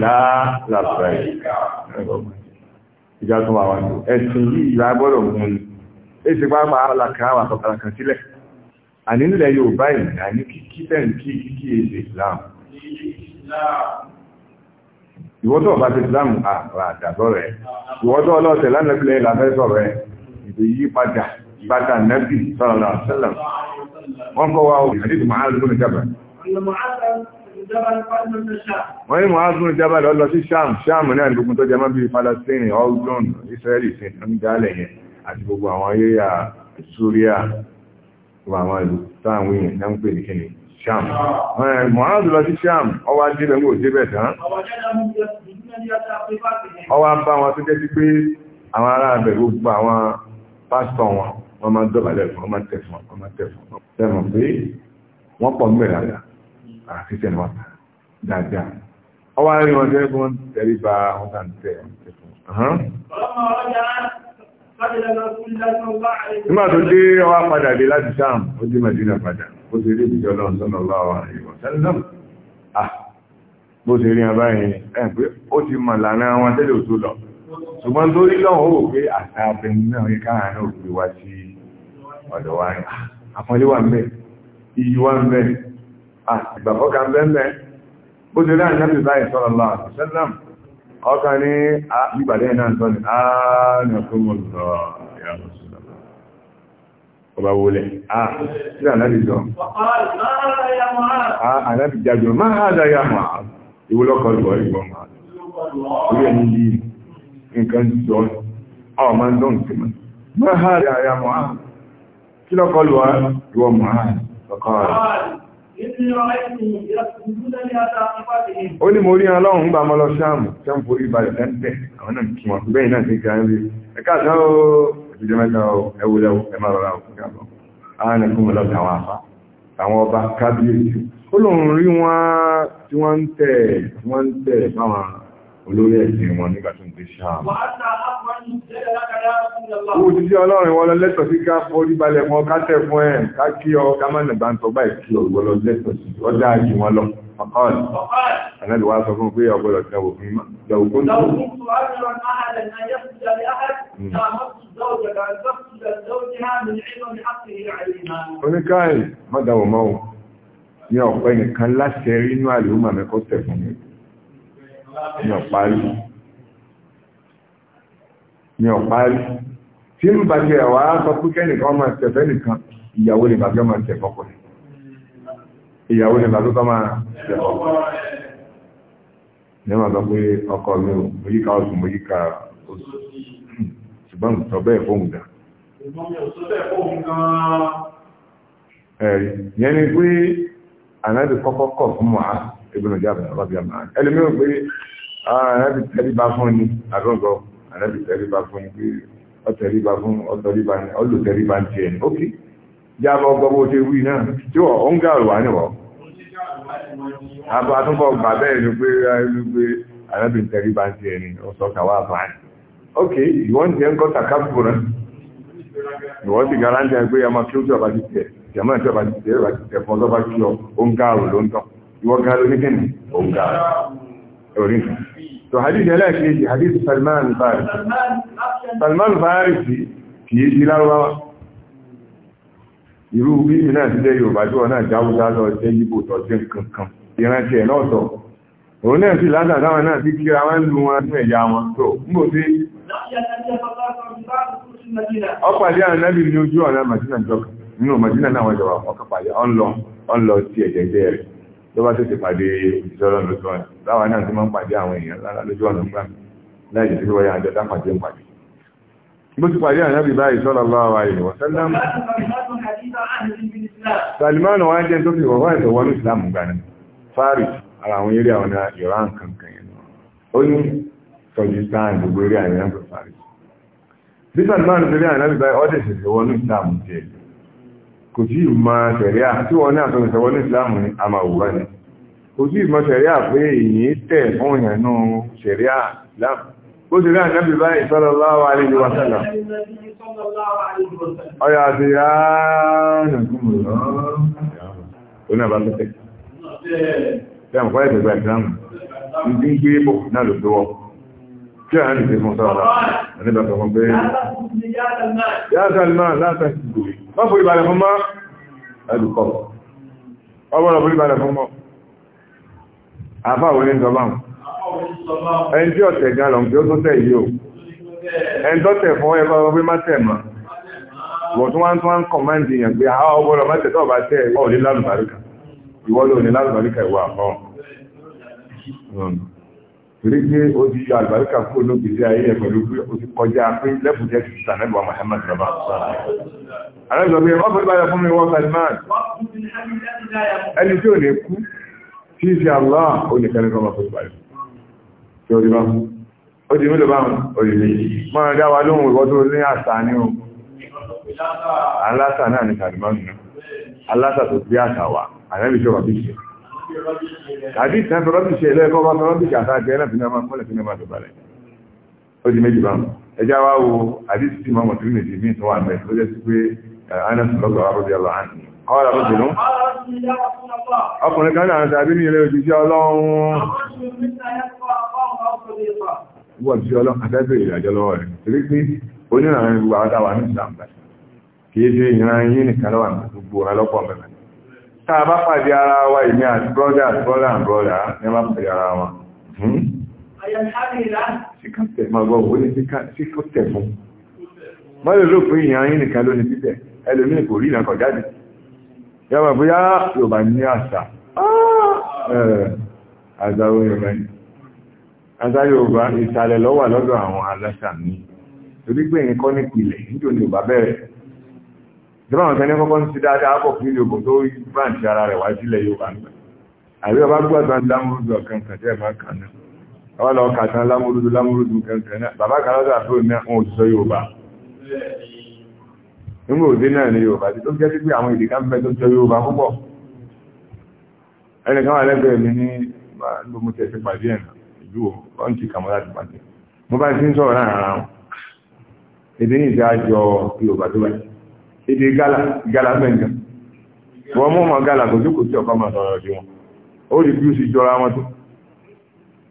la nílẹ̀ Yorùbá yìí àní kíkí tẹ̀ ń kí èdè Islam ìwọ́tọ̀ ọba ti islam àrà àdàbọ̀ rẹ̀ ìwọ́tọ̀ ọlọ́ọ̀tẹ̀ lánàbílẹ̀ ìlàfẹ́sọ̀ rẹ̀ ìdè yí padà bàtà nẹ́bì sọ́rọ̀lá sẹ́lẹ̀m wọ́n kọ́ wa òbí àdìdì màázùn jábà wọ́n ní màázùn jábà lọ́lọ́ sí sham sham náà lókun tó jẹmọ́ bí palestine ọdún israeli sí ń dálẹ̀ yẹn àti gbogbo àwọn Sham. Eh, Mọ̀háàdù lọ sí Sham, ọwá débẹ̀ ń gò débẹ̀ tán. Ọwá bá wọn tó jẹ́ sí pé àwọn ará abẹ̀ gbogbo àwọn pásítọ̀ wọn, wọ́n máa dọ̀bálẹ̀ fún, wọ́n máa tẹ̀ fún, wọ́n máa tẹ̀ fún. Tẹ̀mọ̀ pé wọ́n pọ̀ mẹ́rẹ̀ àyà, àti tẹ̀ wọn dáadáa. Ọwá rí wọn tẹ́lẹ̀ fún tẹ̀lé bá wọn kà ń tẹ̀ fún. Nígbà tó dé ọwá padà dé láti Sham, ó dé Màdínà padà bó ti rí ìjọ lọ́n sọ́nà láwà ìwọ̀ sẹ́lẹ̀m bó ti rí abáyìn ẹ̀ pé ó ti mọ̀ lànà wọn tẹ́lẹ̀ òtú lọ ṣùgbọ́n tó rí lọ́wọ́ ó pé àṣà abẹni náà rí káàárín òpin wá sí ọ̀dọ̀ wa rí àpọ́nlé wà mẹ́ iyì wà mẹ́ ìgbàfọ́kà mẹ́mẹ́ ọba wọlé ah tí ànábì sọ ah, ànábì jágbọ́n máa ha dá yà máa ìwọlọ́kọ̀ lọ ìgbọ́n máa orí ẹni yìí nǹkan sọ ọ máa ń dán sí ma máa ha dá yà máa kí lọ́kọ̀ lọ ìwọ máa ọkọ̀ ó ní mo rí ọlọ́run ń gbà mọ́ lọ sáàmù sáàmù forí balẹ̀ lẹ́ńtẹ̀ àwọn náà kí wọn bẹ́ẹ̀ náà ti gbà ń rí ẹ̀ka àtàwọn ìjọ mẹ́ta ẹwúlẹ́ ẹmà rọra òkúta lọ ààrẹ fún mi lọ́ta àwọn àfá àwọn ọba kábíyèsí ó lòun rí wọn tí wọ́n ń tẹ̀ wọ́n ń tẹ̀ báwọn olórí ẹ̀sìn wọn nígbà tó ń tẹ̀ ṣáà ó ti jẹ́ ọlọ́rin wọn lẹ́tọ̀ sí ká forí balẹ̀ فقال أنا الواسف في أقول الزوج فيما لو كنت لو كنت أجرا أحدا أن يخرج لأحد لأمرت الزوجة أن تخرج لزوجها من علم حقه عليها ونكاين ماذا هو مو ní ọ̀pẹ́ nìkan láṣẹ rínú àlùmọ̀ mẹ́kọ́ tẹ̀ fún mi ní ọ̀parí ní ọ̀parí tí ń bàjẹ́ ẹ̀wà sọ pé kẹ́nìkan máa tẹ̀fẹ́ nìkan ìyàwó lè bàjẹ́ máa tẹ̀fọ́kùnrin ìyàwó ni bàtó tọ́ máa jẹ́kọ̀ ní wọ́n sọ pé ọkọ mi ò mọ́yíká oṣù mọ́yíká oṣù ṣùgbọ́n sọ bẹ́ẹ̀ fóhùn dà yẹn ni pé ànábì kọ́kọ́ kọ̀ fún mọ́ a ebùnà jáde ọlọ́bì àmà ẹlẹ́mí ò pé ah, ànábì tẹ́lí bá fún ni àdúgbò ànábì tẹ́lí bá fún ni pé ọ̀tẹ̀lí bá fún ọ̀tẹ̀lí bá ní ọlùtẹ̀lí bá ń tiẹ̀ ní ókè jábọ̀ gbogbo ṣe wí náà tí wọ́n ń gàrù wá níwọ̀. àbá tó bọ̀ gbà bẹ́ẹ̀ ni pé ẹni pé arábìn tẹ̀rí bá ń ti ẹni ọ̀sọ̀ kàwá àbáyé. ok ìwọ́n ti ẹ̀ ń kọ́ tàkàbù rẹ̀ ìwọ́n ti gara ń jẹ́ pé ọmọ kí ó tí ọba ti tẹ̀ jẹ̀mọ́ tí ọba ti tẹ̀ ọba ti tẹ̀ fún ọba kí ọ ó ń gàrù ló ń tán ìwọ́n gàrù ní kíni ó ń gàrù Salman Farisi Salman Farisi kì í di lárúbáwá iru ubi mi náà ti jẹ́ yorùbá tí wọ́n náà jáwúdá lọ jẹ́ yíbò tọ́ jẹ́ nǹkan kan ìrántí ẹ̀ náà sọ òun náà sì lásà táwọn náà ti kíra wọn lu wọn ní ẹ̀yà wọn tó mbò sí ọpàdé àwọn náà ní ojú ọ̀nà jọkà nínú náà wọ́n jọba ọkà pàdé ọ̀nlọ ẹ̀jẹ̀ jẹ́ rẹ̀ tó bá tètè pàdé lójú ọ̀nà láwọn náà ti bó ti pàdé ànábì báyìí sallallahu alaihi wa sallam Salman wá jẹ́ tó fi wọ́wọ́ ẹ̀sọ̀ wọ́n ìsìlámù gbani fari ara àwọn eré àwọn Iran kankan yẹn ó ní Tajikistan gbogbo eré àwọn ẹ̀rọ fari bí Salman fi rí ànábì báyìí ọ́dẹ̀ ṣẹ̀ṣẹ̀ wọ́n ìsìlámù jẹ́ kò tí ì máa tẹ̀lé à tí wọ́n ní àtọ́nìṣẹ́ wọ́n bó ti rí àjẹ́bì báyìí sallallahu alaihi wa sallam ọya àti ààrùn kúmùrù ọ̀nà bá tẹ́tẹ́ tí a mọ̀kọ́ ẹ̀sẹ̀ ìgbàgbàmù ní tí ń gbé bò náà lò tó wọ́ kí a ní fífún sọ́rọ̀ ẹ̀nìbà tó fún pé yá salman látàkì gbòrì wọ́n fún ìbàlẹ̀ fún mọ́ ẹ̀dùkọ́ ọgbọ́n ẹni tí ọ̀tẹ̀ gan lọ tí ó tó tẹ̀ yìí o ẹni tó tẹ̀ fún ẹgbẹ́ ọgbẹ́ má tẹ̀ mọ́ wọ̀ tó wá ń tó wá ń kọ̀máǹdì yàn pé àwọn ọgbọ́dọ̀ má tẹ̀ tó bá tẹ̀ ìwọ́ òní lálùbáríkà ìwọ́ ló ní lálùbáríkà ìwọ́ àfọ́ torí pé ó ti yọ àlùbáríkà kúrò lóbi sí ayé ẹ̀ pẹ̀lú pé ó ti kọjá pé lẹ́bùjẹ́ ti sàn lẹ́bùwà Muhammad rabba alẹ́gbẹ̀ẹ́ ọ̀fẹ́ báyọ̀ fún mi wọ́n Salman ẹni ní kú tí Allah ó ní kẹ́lẹ́kọ́ máa fẹ́ báyọ̀ lórí bá ó di mílò báwọn òyìnbí máa dá wa lóhun ìwọ́ tó ní àṣà ní ohun aláṣà náà ni kàdìmọ́nù náà aláṣà tó bí àṣà wà àrẹ́bí ṣe rọ̀bíṣẹ́ tàbí ìtàn tó rọ́bíṣẹ́ ilẹ́ẹ̀kọ́ bá rọ́bíṣẹ́ àtàkẹ́ náà fínà máa mọ́lẹ̀ fínà máa tó balẹ̀ ó di méjì báwọn ẹjá wá wo àdísítì mọ́mọ̀ tó ní ìdí mí tó wà mẹ́ tó jẹ́ sí pé eh, anas lọ́gbà wa rọ́bí ọlọ́ ọ̀rọ̀ mọ́sùlú ọkùnrin kan náà tàbí ní ilé òjìjẹ́ ọlọ́run wọ́n tí ọlọ́run àtẹ́bẹ̀ ìrìnàjò lọ́wọ́ rẹ̀ torí pé onírànà gbogbo àwọ́dáwà ní ìsàmbà kìí ṣe ìran yìí nìkan lọ́wà gbogbo ọ̀rọ̀ lọ́pọ̀ mẹ́rin tá a bá pàdé ara wa ìní àti brọ́dà àti brọ́dà àti brọ́dà ní a bá pàdé ara wa síkọ́tẹ̀ hmm? máa gbọ́ wọlé síkọ́tẹ̀ fún mọ́lẹ̀ lópin ìyàn yìí nìkan ló ní títẹ̀ ẹlòmíì kò rí ìrìnàkọ̀ jáde yàbà bóyá Yorùbá ní àṣà ah! àṣà Yorùbá ní àṣà Yorùbá ìsàlẹ̀ lọ́wà lọ́dọ̀ àwọn aláṣà ní torí pé ẹ̀yìn kọ́ ní pìlẹ̀ nítorí ní Yorùbá bẹ̀rẹ̀ ìjọba àwọn tẹ́lẹ̀ kọ́kọ́ ń ti dáadáa pọ̀ fún ilé ogun tó báǹtì ara rẹ̀ wá sílẹ̀ Yorùbá nígbà àbí ọba gbọ́dọ̀ lámúrúdù ọ̀kan kàtẹ́ ẹ̀má kan náà ọwọ́ lọ kàtàn lámúrúdù lámúrúdù kankan nígbà òde náà ni yorùbá ti tó jẹ́ sí pé àwọn èdè kan bẹ́ẹ̀ tó jọ yorùbá púpọ̀ ẹnìkan wà lẹ́gbẹ̀ẹ́ mi ní gbogbo mo tẹ̀sí pàdé ẹ̀ náà ìlú ọ̀hún ti kàmọ́ láti pàdé mo bá ti ń sọ̀rọ̀ láàrin ara wọn èdè yìí ti àjọ yorùbá tó wáyé èdè gálà gálà mẹ́ǹgà wọ́n mú ọmọ gálà kò tí kò tí ọ̀kan máa sọ̀rọ̀ ọ̀dí wọn ó rí bí ó sì jọra wọn tó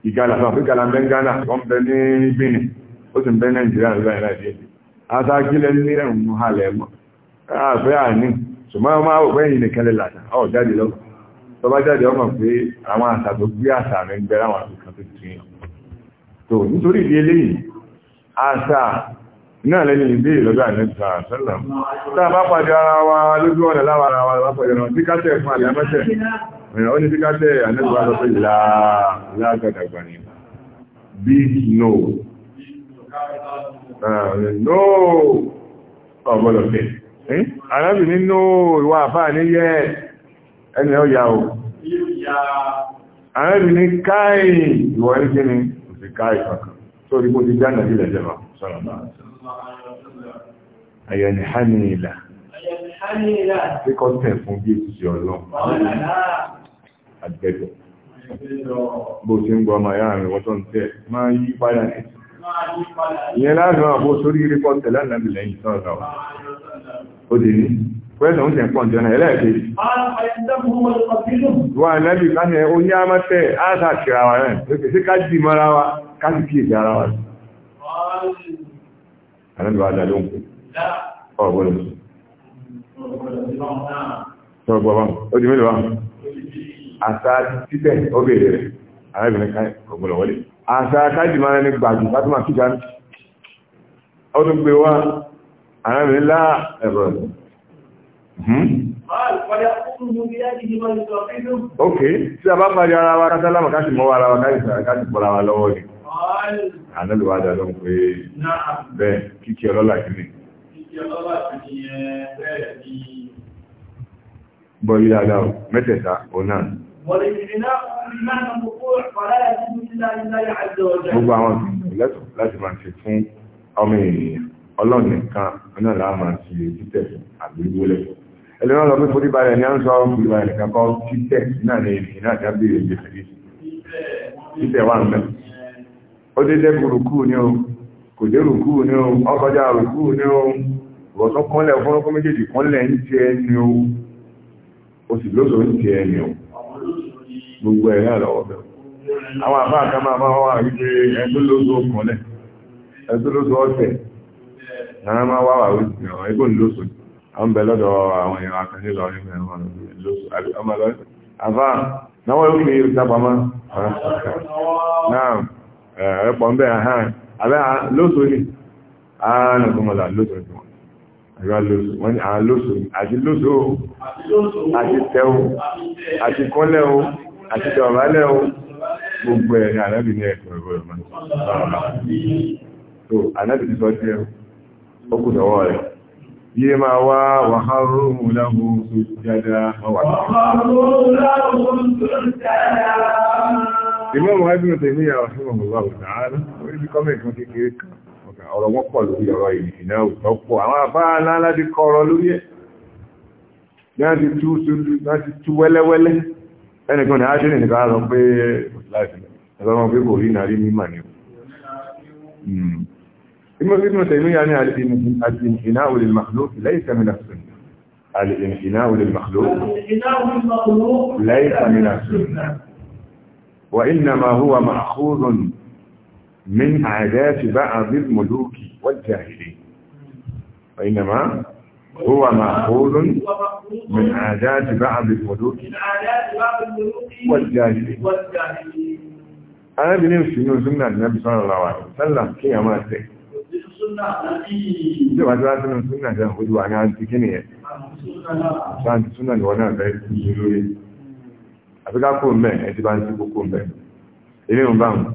ìgálà náà pé gálà mẹ́ǹgà náà wọ́n bẹ ní Benin ó sì ń bẹ asákílẹ̀ ní ẹ̀rùn halẹ̀ mọ́ àfẹ́ àní ṣùgbọ́n máa wò fẹ́yìn nìkan lè làtà ọ̀ jáde lọ tó bá jáde ọmọ pé àwọn àṣà tó gbé àṣà rẹ̀ ń bẹ̀rẹ̀ àwọn àfikàn tó ti yàn tó nítorí ìdí eléyìí àṣà náà lẹ́ni ìdí ìlọ́jọ́ àìlẹ́ta àṣẹ́lẹ̀ tá a bá pàdé ara wa lójú ọ̀nà láwọn ara wa bá pàdé ọ̀nà tí kátẹ̀ Ah, no Àrẹ́bì ní káàì ìwọ̀ ní kí ni, òsì káàì kankan, tó rí bó ti já nàbí lẹ́jẹ̀mà sọ́rọ̀ bá. Àyẹ̀ ni há ní ìlà. Tí kọ́ tẹ̀ fún bí i sí ọlọ́. Àgbẹ̀dọ̀. Bó ti ń gbọ́ ọmọ yáà rẹ̀ wọ́tọ́ ń tẹ́, máa yí padà ní ìyẹn láàrín àpò sórí rípọ̀ tẹ̀lá nàbì lẹ́yìn sọ́ọ̀rọ̀ ó dì ní pẹ́sẹ̀ oúnjẹ pọ̀ jọna ẹlẹ́ẹ̀kẹ́ wà nàbì káni ó ní a máa tẹ́ àṣà kìra wa rẹ̀ lókè sí ká dì mọ́ra wa ká sì kíyèsí ara wa anábì wa dàlóhùn ọ̀gbọ́n sọ̀rọ̀gbọ́n ó di mélòó wa àṣà títẹ̀ ó bèèrè rẹ̀ arábìnrin ká ọ̀gbọ́n wọlé àṣà kájì máa ní gbàjù láti máa kíjà ní ọdún pé wá ara mi lá ẹ̀rọ rẹ̀ hmm? ok tí a bá parí ara wa kásálámà káṣì mọ́ ara wa káṣì pọ̀lá wa lọ́wọ́ ni ànálùwà dáadọ́ pé bẹ́ẹ̀ kíkí ọlọ́lá kìíní bọ́ yí dáadáa mẹ́tẹ̀ẹ̀ta ọ̀nà وللبناء بمعنى الوقوع فلا يكون الا لله عز وجل. gbogbo àwọn ìlẹ́tọ̀ láti máa ṣe fún ọmọ ènìyàn ọlọ́run nìkan náà láà máa ṣe títẹ̀ àbí wọlé ẹlẹ́wọ́n lọ pé forí balẹ̀ ní à ń sọ forí balẹ̀ ni ó kò lóṣòó ń tiẹ̀ ni ó gbogbo ẹ̀ náà lọ́wọ́ bẹ̀rẹ̀ àwọn àbá àkàmà máa wá wípé ẹ̀tún lóṣù ọkùnlẹ̀ ọ̀tẹ̀ náà máa wá wà wípé ẹgbẹ́ lóṣù àwọn bẹ̀ lọ́dọ̀ àwọn èèyàn akẹ́lẹ́ lọ ẹ̀wọ̀n àbá àti gbogbo ẹ̀ ní ànábì ní ẹ̀kùn tó ànábì ti sọ jẹ́ ọkùnlọ́wọ́ rẹ̀ yíé máa wá wàhárù múláhù tó jádá a tú wẹ́lẹ́wẹ́lẹ́, ẹni ẹnìkan ni a ṣe nìkan rọ pé láìsílẹ̀ ẹgbẹ́mọ̀ pé kò rí nàrí mímọ̀ ni ìmọ̀ tẹ̀míyà ní alìhìná olè makhluk laysa min as-sunnah alìhìná olè makhluk هو مأخوذ من عادات بعض الملوك والجاهلين arábìnrin òṣìṣẹ́ òṣìṣẹ́ àdínábì sọ́rọ̀ làwà sálà kí a máa tẹ́ ìjọba tí wá sínú súnà jẹ́ òjú wà náà ti kíni ẹ̀ sáàtì súnà ni wọ́n náà bẹ́ẹ̀ sí lórí àfikà kó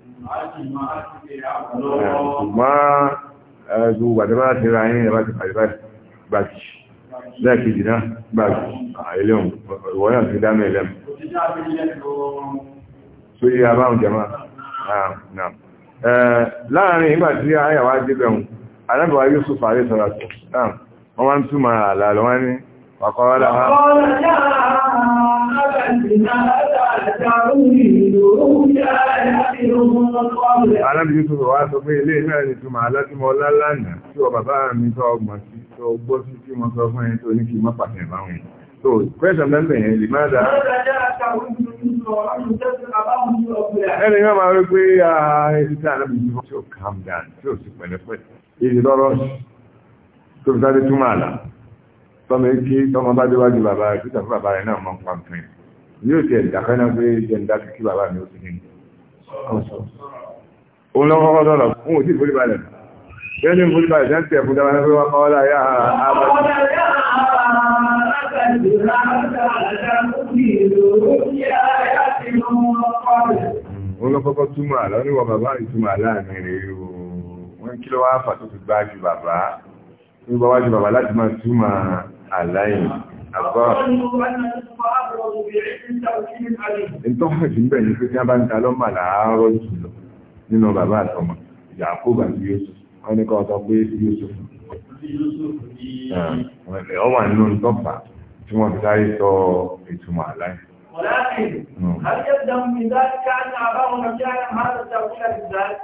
ṣùgbọ́n ẹgbù gbàdẹ́bá ti ra yín ẹ̀bá ti pàdé báyìí gbàjì lẹ́ẹ̀kejì náà gbàjì ilé òun ìwọ̀n náà ti dá mẹ́ ilẹ̀ tó yí abáhùn jẹma láàrin ìgbà tí àyàwó ajébẹ̀hùn alábẹ̀wá Yusuf àrí sọ̀rọ̀ wọ́n wá ń túmọ̀ àlàlọ́wọ́ ní wàkọ́ọ́lá wọn Alábìí tó wá sọ pé ilé náà ni túnmà alátúmọ̀ ọlálànà tí ọ bàbá mi tọ́ ọgbọ̀n sí tó gbọ́ sí tí wọ́n sọ fún ẹni tó ní kí mọ́ pàtẹ̀ báwọn yìí. So, question number yẹn lè máa dáa. Ẹni náà máa rí pé ẹni ah, tí tó calm down tí ó sì pẹ̀lẹ́pẹ̀lẹ́. Èdè lọ́rọ̀ tó fi sáré túnmà àlà. Tọ́mọ kí tọ́mọ bá déwájú bàbá rẹ̀ títà fún bàbá rẹ̀ náà mọ́ pàǹpìn. E ní òtí ẹ̀dà fẹ́nà pé jẹ́ndà kí bàbá mi ó ti ní òun lọ kọ́kọ́ tọ́lọ̀ fún òtí ìfúríbalẹ̀ gẹ́gẹ́ ìfúríbalẹ̀ tẹ́ ń tẹ̀ fún dábàá pé wọ́n kọ́ ọ́lá yá òun lọ kọ́kọ́ túmọ̀ àlọ́ níwọ̀n bàbá ìtumọ̀ láàrin rèé o wọ́n kí ló wá fà tó fi gbá ju bàbá tó gbá wájú bàbá láti máa túmọ̀ àláyìn àbọ̀ ìtọ́wọ̀ sí bẹ̀ ní pé tí a bá ń ta lọ́mà láàárọ̀ jùlọ nínú bàbá àtọmọ Yàkóbà bí Yusuf wọ́n ní kọ́ sọ pé Yusuf ọ wà nínú tọ́pà tí wọ́n fi sáré sọ ìtumọ̀ àláì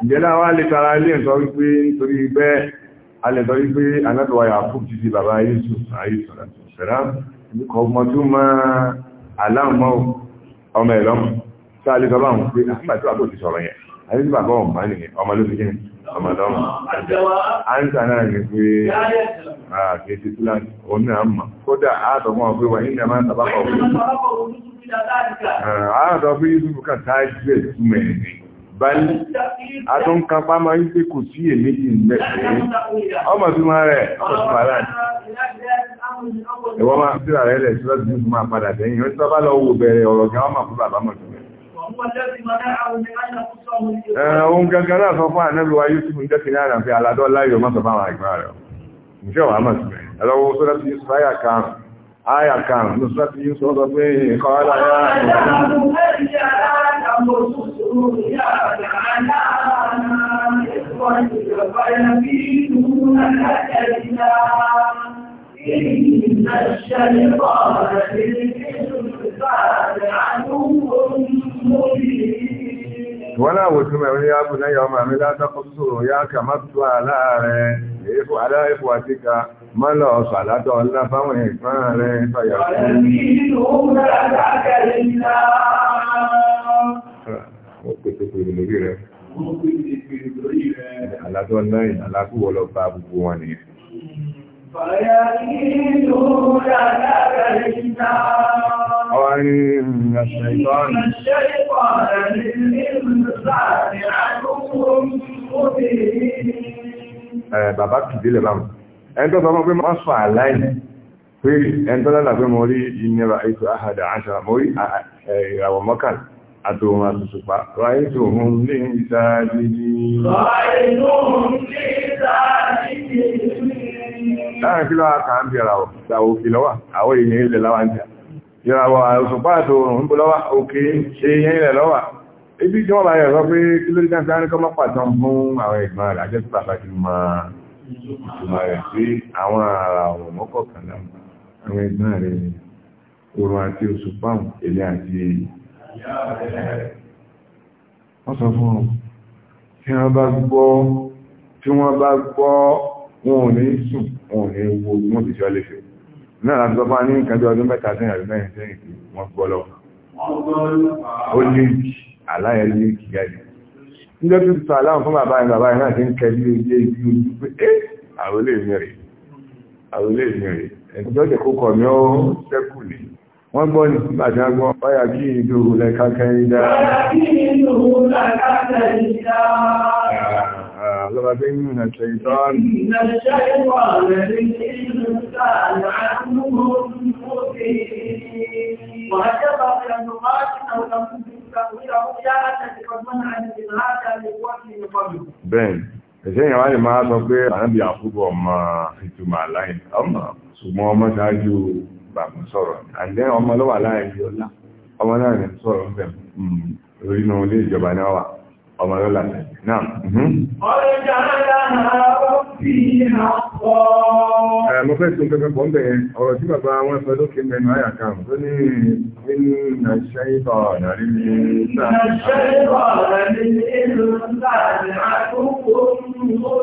Ìjẹ́lá wá lè tara ilé ìsọ wípé nítorí bẹ́ẹ̀ a lè sọ wípé anátọ̀wà Yàkóbà ti di bàbá Yusuf àìsàn àti ìṣẹ̀lá ìkọ̀ọ̀mọ̀ tó máa aláàmọ́ ọmọ ẹ̀lọ́mọ̀ tó alẹ́ sọ báwọn pé àgbàtí ah, wà tó ti sọ̀rọ̀ yẹn àti tí bàbá ọmọ nìyẹn ọmọ ló fi kí ni ọmọ lọ́mọ àǹtà náà ní pé àkẹ́sí ah, fúlàní òun náà mọ̀ kódà àádọ́mọ́ pé wà ní ẹ̀mọ́ tàbákọ̀ òun àádọ́ pé yíṣùkú kan táájú bali, báyìí àtúnkapá máa ń pé kò sí èméjì ńlẹ̀ ọmọ tí máa rẹ̀ ọmọ tí máa rẹ̀ ẹ̀wọ́n máa ń tíra rẹ̀ lẹ̀ sí láti fún máa padà sẹ́yìn wọ́n tí wọ́n bá lọ wo bẹ̀rẹ̀ ọ̀rọ̀ gan wọ́n máa fún bàbá mọ̀ sílẹ̀ ohun gangan náà sọ fún ànẹ́lùwà yóò tí mo ń jẹ́kì ní àràǹfẹ́ aládọ́ láyọ̀ mọ́sọ̀ bá wọn àgbà rẹ̀ ìṣẹ́ wà á mọ̀ sílẹ̀ ẹ̀lọ́wọ́ sọ́dọ̀ tí yóò sọ́yà karùn-ún Aya kan ló sọ ti yíò sọ pé ìkọ́ aláyá Ìjọba ìrìnàṣẹ́ wọ́n láwọ̀ tí mẹ́rin ní ábù náà yọmọ mi látọ́kọ́ sọ̀rọ̀ yá kà má tó aláàrẹ èéfò aláìfò àti ka má lọ ọ̀sọ̀ àlátọ̀ ńlá báwọn ìpán rẹ̀ fàyà Àlátọ̀ ńlá ìlàkúwọ̀ lọ الشيطان من الشيطان Bàbá kìdílẹ̀ láwọn. Ẹni tó sọmọ́ pé máa sọ àláì pé ẹni tó lọ́la pé mo rí ìnira ètò àhàdà àṣà mo rí ìràwọ̀ mọ́kàn àti ohun àtùsùpá. Ráyé tó hún ní ìsáàdì ní. Ráyé tó hún ní ìsáàdì ní. Láàrín kí lọ́wà kàá ń bí ara ọ̀ ìràwọ̀ àṣùpá àti oòrùn ń bó lọ́wà òkè ṣe yẹn ilẹ̀ lọ́wà ibi tí wọ́n bá yẹ̀ sọ pé kí ló dáńtà ní kọ́mọ́ pàtàn fún àwọn ìgbọ́n rẹ̀ àjẹ́ tó bàbá ti ma ìtumà rẹ̀ sí àwọn ara ọ̀rọ̀ mọ́kànlá àwọn ìgbọ́n rẹ̀ oòrùn àti òṣùpá èlé àti eh, wọ́n sọ fún wọn tí wọ́n bá gbọ́ tí wọ́n bá gbọ́ wọn ò ní sùn wọn ò ní wo wọn ti ṣọ́ léṣe náà láti sọpá ní nǹkan jọ ọdún mẹ́ta sí àrí mẹ́rin sí ìpín wọn gbọ́ lọ ó lè aláyẹ lè kì jáde níjọ́ tó sọ aláwọ̀ fún bàbá yẹn bàbá yẹn náà ń kẹ́ bí ilé mi rè àwọn الغب من الشيطان إن الشيطان للإنسان عدو مبين وهكذا في النقاط أو لم تستقبله شاءت قد منع من هذا لوجه قبله بين ìṣẹ́yìn wá lè máa sọ pé ànábì àkúgbọ̀ ọmọ ìtumọ̀ aláì ọmọ ṣùgbọ́n ọmọ ṣáájú bàbá sọ̀rọ̀ àndẹ́ ọmọ lọ́wà láàrin ọlá ọmọ náà sọ̀rọ̀ ń bẹ̀rẹ̀ hmm, orí ilé ìjọba náà wà ọmọ mhm. lọ́la náà ọ̀rọ̀ tí bàbá wọn fẹ́ lókè mẹ́nu àyà kan tó ní inú fún wọn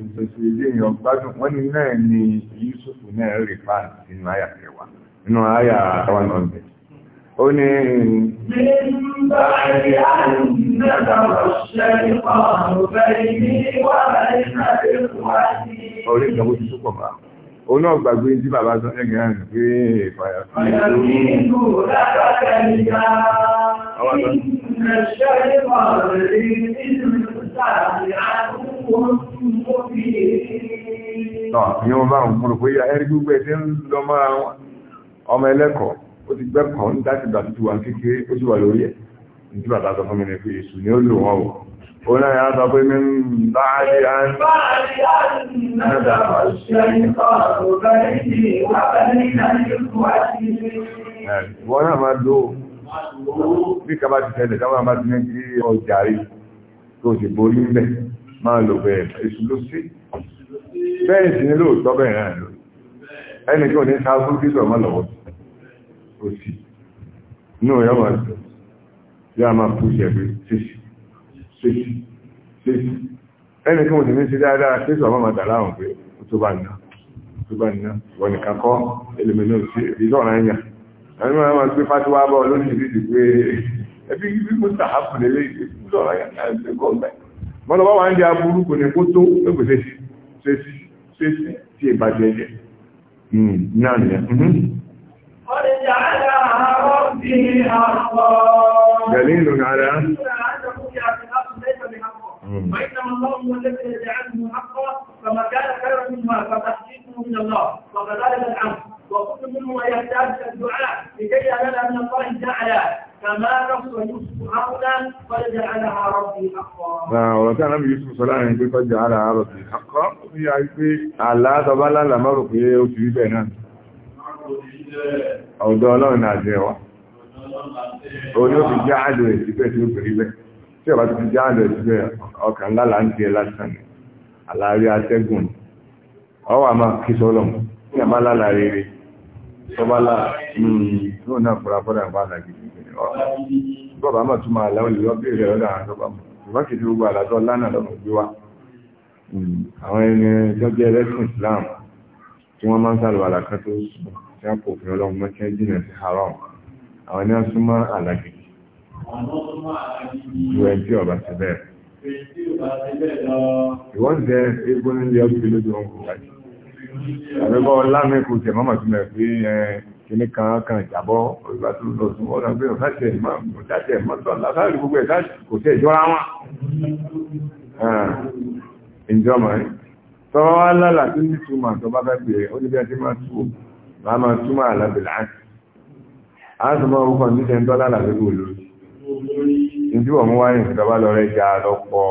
ìpèsè ilé èèyàn gbádùn wọ́n ni náà ni Yúsùfù náà rí pàà nínú àyà kẹwàá nínú àyà 100 ó ní orí o náà gbàgbé tí bàbá sọ ẹgbẹ̀ rẹ̀ pé ìfàyà fún ìlú Ìyọ́n bá ń múrò pé ya ẹrí gbogbo ẹ̀ tí ń lọ máa ọmọ ẹlẹ́kọ̀ọ́ ó ti gbẹ́kọ̀ọ́ ní láti gbà títí wa kékeré ó sì wà lórí ẹ̀ ní bàbá sọ fún mi ní pé èṣù ni ó lò wọ́n o ó náà yá sọ pé mi ń bá a lè á ń bá a lè á ń nàdà ṣe ń kọ́ ọ̀rọ̀ bẹ́ẹ̀ wà bẹ́ẹ̀ ní ìdájọ́ wá sí ilé. wọ́n náà máa dó bí kaba ti tẹ̀lé kaba máa ti ní kí ọjà rí tó ti borí ń bẹ̀ máa lò bẹ́ẹ̀ èṣù ló sí bẹ́ẹ̀ sì ni lóòótọ́ bẹ́ẹ̀ náà lò ẹnì kí ò ní sáà fún kí sọ̀rọ̀ mọ́ lọ́wọ́ sí kò sí náà yọ máa sọ yọ máa púṣì ẹ̀fẹ́ ṣèṣì ṣèṣì ṣèṣì ẹni kí mo sì ní ṣe dáadáa ṣèṣì ọmọ máa dà láwọn pé ó tó bá ń ná tó bá ń ná ìwọ nìkan kọ́ ẹlòmínú sí ìdíjọ́ ọ̀ràn yà àwọn máa máa gbé fásiwá bọ́ lórí ìdíjì pé ẹbí bí mo sàhápù lélẹ́ ìdíjọ́ ọ̀ràn yà láti kọ́ ọ̀gbẹ́ mọ́lọ́wọ́ wa ń di aburú kò ní kó tó ẹgbẹ̀ṣẹ́ṣì ṣèṣì ṣèṣì tí ìbàjẹ́ jẹ́ hmm, náà nìyẹn hmm. قد جعلها ربي حقا دليل على وإنما الله هو الذي يجعله حقا فما كان خيرا منها فتحقيقه من الله وكذلك العمل وكل منهما يحتاج الدعاء لكي ينال من الله جعلا كما نصر يوسف هؤلاء فجعلها ربي حقا. نعم وكان النبي يوسف صلى يعني الله عليه وسلم فجعلها ربي حقا هي àìpé على tọba lálàmọ́rò pé ó ti rí ọ̀dọ̀ ọlọ́run àti ẹwà o òfin já àlò ẹ̀sìgbẹ́ tí ó bèrí bẹ́ tí ọba ti já àlò ẹ̀sìgbẹ́ ọkàn lálà ń tiẹ lásán ni àlàárí atẹ́gùn ni ọwà máa kí sọ́lọ̀ ní àbá lálà rere tọ́ba lá hmm, náà náà ń bá àlàgé máa tún máa láwọn ìlú ọbẹ̀ rẹ̀ gbogbo àlàtọ́ lọ́nà hmm, àwọn ẹni tó jẹ́ ẹlẹ́sìn Islam tí wọ́n máa ń tí a kò fi ọlọ́run mọ́ jìnà sí haram àwọn ní ọsúnmọ́ alágbègbè ju ẹjí ọba ti bẹ́ẹ̀ ìwọ́n jẹ́ egbó nílé ọgbẹ́ lójú wọn kò wáyé àbẹ́bọ́ lámì kò jẹ mọ́mà tó mẹ́ pé kíní kan kan ìjàbọ́ ìgbà tó lọ sí wọ́n náà pé ọ̀sá tẹ̀ mọ́ ọ̀sá tẹ̀ mọ́ tọ́ látàrí gbogbo ẹ̀sá kò tẹ̀ ìjọra wọn ìjọmọ̀ tọ́wọ́ lálà tó ní túmọ̀ tó bá fẹ́ pè é ó ní bí a ti máa tú máa máa túmọ̀ àlábìlà áti àti máa wúkọ̀ ní tẹ́ ń tọ́lá làbẹ́gbò lórí ìdí wọ̀n mú wáyé ìjọba lọ rẹjà lọ́pọ̀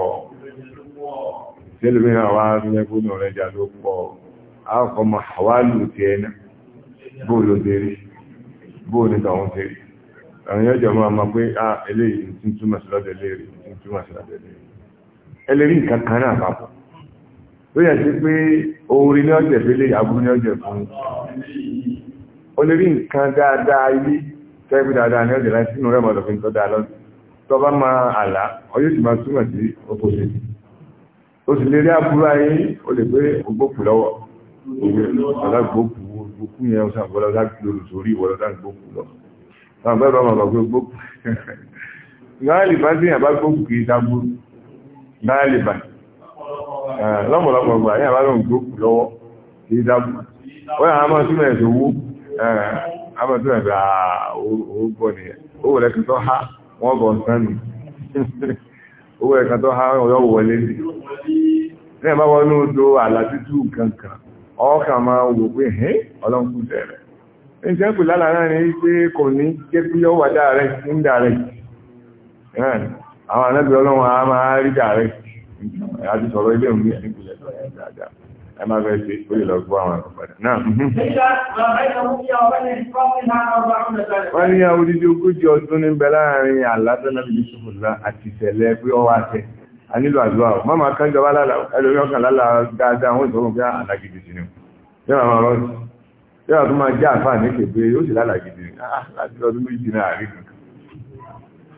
tẹ́lùmí àwọn arúgbẹ́gbónà rẹjà lọ́pọ̀ àkọmọ̀ àwálù ti ẹ̀nà bóòlò dèrè bóòlò tàwọn dèrè ma pé a eléyìí tí ń túmọ̀ sí lọ́dẹ̀ léèrè tó yẹ̀ sí pé orí ní ọjẹ̀ fílé àbúrú ní ọjẹ̀ fún o lè rí nǹkan dáadáa ilé tẹ́gbì dáadáa ní ọjẹ̀ láti sínú rẹ̀ mọ̀lọ̀ fi ń tọ́dá lọ́dún tó bá máa àlá ọyọ́ sì máa túmọ̀ sí opposite o sì lè rí àbúrú ayé o lè pé ògbókù lọ́wọ́ ọ̀dàgbókù ògbókù yẹn ọ̀sán bọ́lọ́dá lórí [LAUGHS] Eh, lọ́pọ̀lọpọ̀ gbà ní àbálòm lọ́wọ́ kì í dábù yà á máa túnmọ̀ owó á máa owó owó ha wọ́n bọ̀ owó ha wọlé ní ní odò àlà títú kankan ọkà máa wò pé hẹ́ ọlọ́nkú tẹ̀rẹ̀ àti sọ̀rọ̀ ilé ìwé nípìnlẹ̀ dáadáa ẹ máa fẹ́ ṣe ó lè lọ gbọ́ àwọn àkọ́padà náà. wọ́n ní àwọn odidi ogójì ọdún ní bẹ láàrin àlátọ́nà bíi ṣùgbọ́n àti ìṣẹ̀lẹ̀ pé ọwọ́ àtẹ a nílò àdúrà ọ̀ má máa kánjọba ẹlòmí ọkàn lálà dáadáa àwọn ìṣòro bí àlágídí ah, sí ni yóò máa rọ́ọ̀tì yóò tún máa jẹ́ àǹfààní kékeré ó sì lálàgídí ní ah, láti ọdún méjì náà àríkùn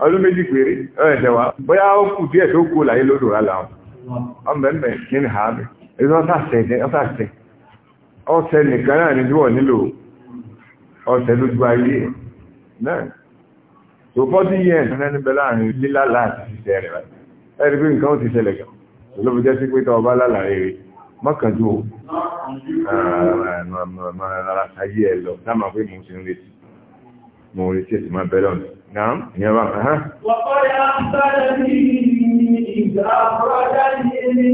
ọdún méjì péré ẹ̀ẹ̀dẹ̀wà bóyá ó kù díẹ̀ tó kú láyé lódò rálá ọmọbẹ̀mẹ̀ nínú ààbẹ̀ èyí ọ́sàṣẹ́ ọ̀sẹ̀ nìkan náà ni bí wọ́n nílò ọ̀sẹ̀ lójú ayé náà tó fọ́dún yẹn nínú níbẹ̀ láàrin lílá láti ṣiṣẹ́ rẹ̀ ẹ̀rí pé nǹkan ó ti ṣẹlẹ̀ gan ló fi jẹ́ sí pé tọ́ ọba lálàrí rẹ̀ mọ́kànjú o rárá ayé ẹ̀ lọ sáà máa pé mo ti ń retí mo retí ẹ̀ sì máa bẹ́ẹ̀ lọ́nà نعم يا بابا ها وقال أحسن به من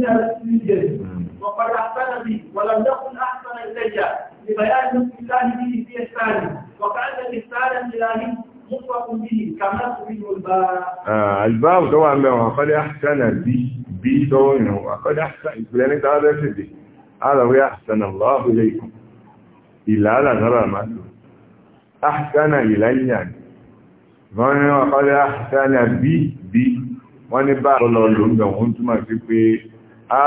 السجن وقد أحسن بي ولم يكن أحسن إلي لبيان الإحسان به في الثاني وكأن الإحسان الإلهي مطلق به كما تريد الباب آه الباب طبعا وقد أحسن بي بي طبعا وقد أحسن فلان هذا سيدي هذا احسن الله إليكم إلا لا ترى ما أحسن إلي يعني wọ́n ní ọ̀kọ́lẹ́ àtàlà bí bí wọ́n ní bá lọ lò ń gbọ̀n túnmà sí pé àà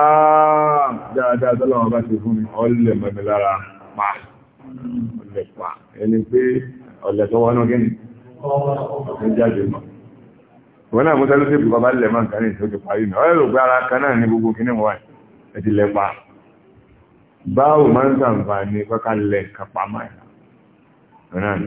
dáadáa tọ́lọ́wọ́ bá ti fún mi ọlẹ̀ mọ́mí lára pa ọlẹ̀ pa ẹni pé ọlẹ̀ tó wọ́nà gẹ́ni ọ̀fẹ́ jáde mọ́ wọ́n náà mọ́sá ló sí bàbá lẹ̀ máa kàrí ìṣẹ́ ti parí náà ọlẹ́ òpé ara kan náà ní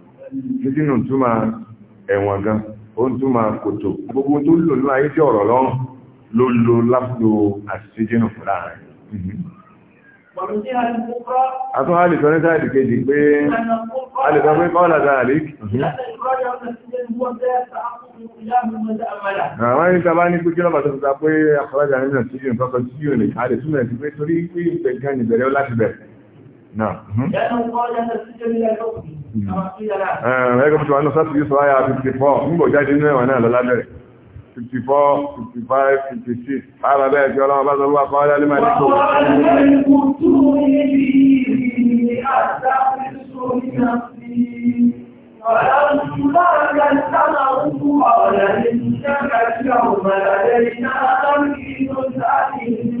títí nù túmà ẹ̀wọ̀n gan o ń túmà kòtò gbogbo tó lò ní ayé tí ọ̀rọ̀ lọ́rùn ló lo lápò àṣìṣẹ́jìnà fún láàrin Àtún a lè sọ ní sáàdì kejì pé a lè sọ pé kọ́ọ̀lá dára lè Àwọn ní sábá ní pé kí lọ́bàá tó sọ pé àkọ́lájà nínú síjìn tọ́kọ̀ síjìn lè ká lè túnmẹ̀ pé torí pé ìgbẹ̀gán ìbẹ̀rẹ̀ láti bẹ̀rẹ̀. نعم لأنه قال أن السجن لا يحكم كما قيل له هيك مش وعنده صلاة يوسف آية 54 مو جاي دينا وانا لا لا 54 55 56 هذا بيت يا الله بعد الله قال لمن يكون وقال الملك ائتوني به أستغفر نفسي ولم تلاقى الثمر ولم تكن يوم لدينا تمكين سعيد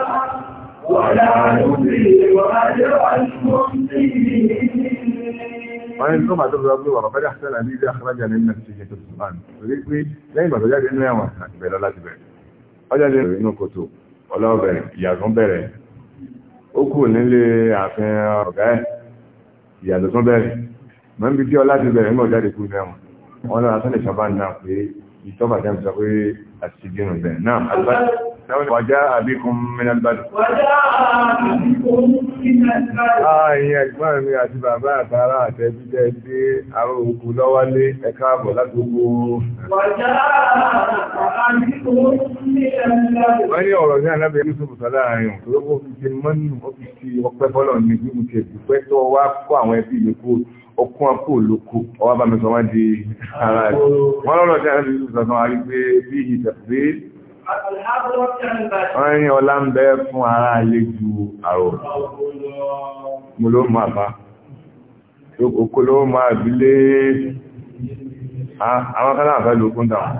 Wọ́n ní tó máa tó lọ pé wà bàbá dáhùn sẹ́lá ní ilé àkàrájà ní ilé ṣe ṣètò Sùmán. Torí pé lẹ́yìn ìgbà tó jáde nínú ẹ̀wọ̀n àti bẹ̀rẹ̀ láti bẹ̀rẹ̀. Ó jáde inú kòtò, ọlọ́bẹ̀rẹ̀, ìyàtọ̀ bẹ̀rẹ̀. Ó kù nílé ààfin ọ̀gá ẹ̀, ìyàtọ̀ tún bẹ̀rẹ̀. Mọ̀ níbi tí ọlá ti bẹ̀rẹ̀ nígbà jáde kú lẹ́wọ̀n. Wọ́n lọ́ra sọ́lẹ̀ ṣàbá náà pé ìtọ́bà wàjá àbíkún mìnàlbàdì. Ààyìn ah, ẹ̀gbọ́n mi àti bàbá àtàrà àtẹ́bí jẹ́ dé àwọn òkú lọ́wálé ẹ̀ká àbọ̀ látòkó. Wọ́n ní ọ̀rọ̀ ní alábẹ̀ Yúsùfù sọ́láàrin tó lókó fi ṣe mọ́nù ọ́fíìsì ọpẹ́ bọ́lọ̀ wá di ara rẹ̀. Wọ́n lọ́rọ̀ tí alábẹ̀ Yúsùfù sọ́láàrin pé bí ìjàpé Wọ́n ní ọlá ń bẹ fún ara ayé ju àrò. Mo ló máa bá. Oko ló máa bílé. Ah, àwọn kan láàfẹ́ ló kún dáwọn.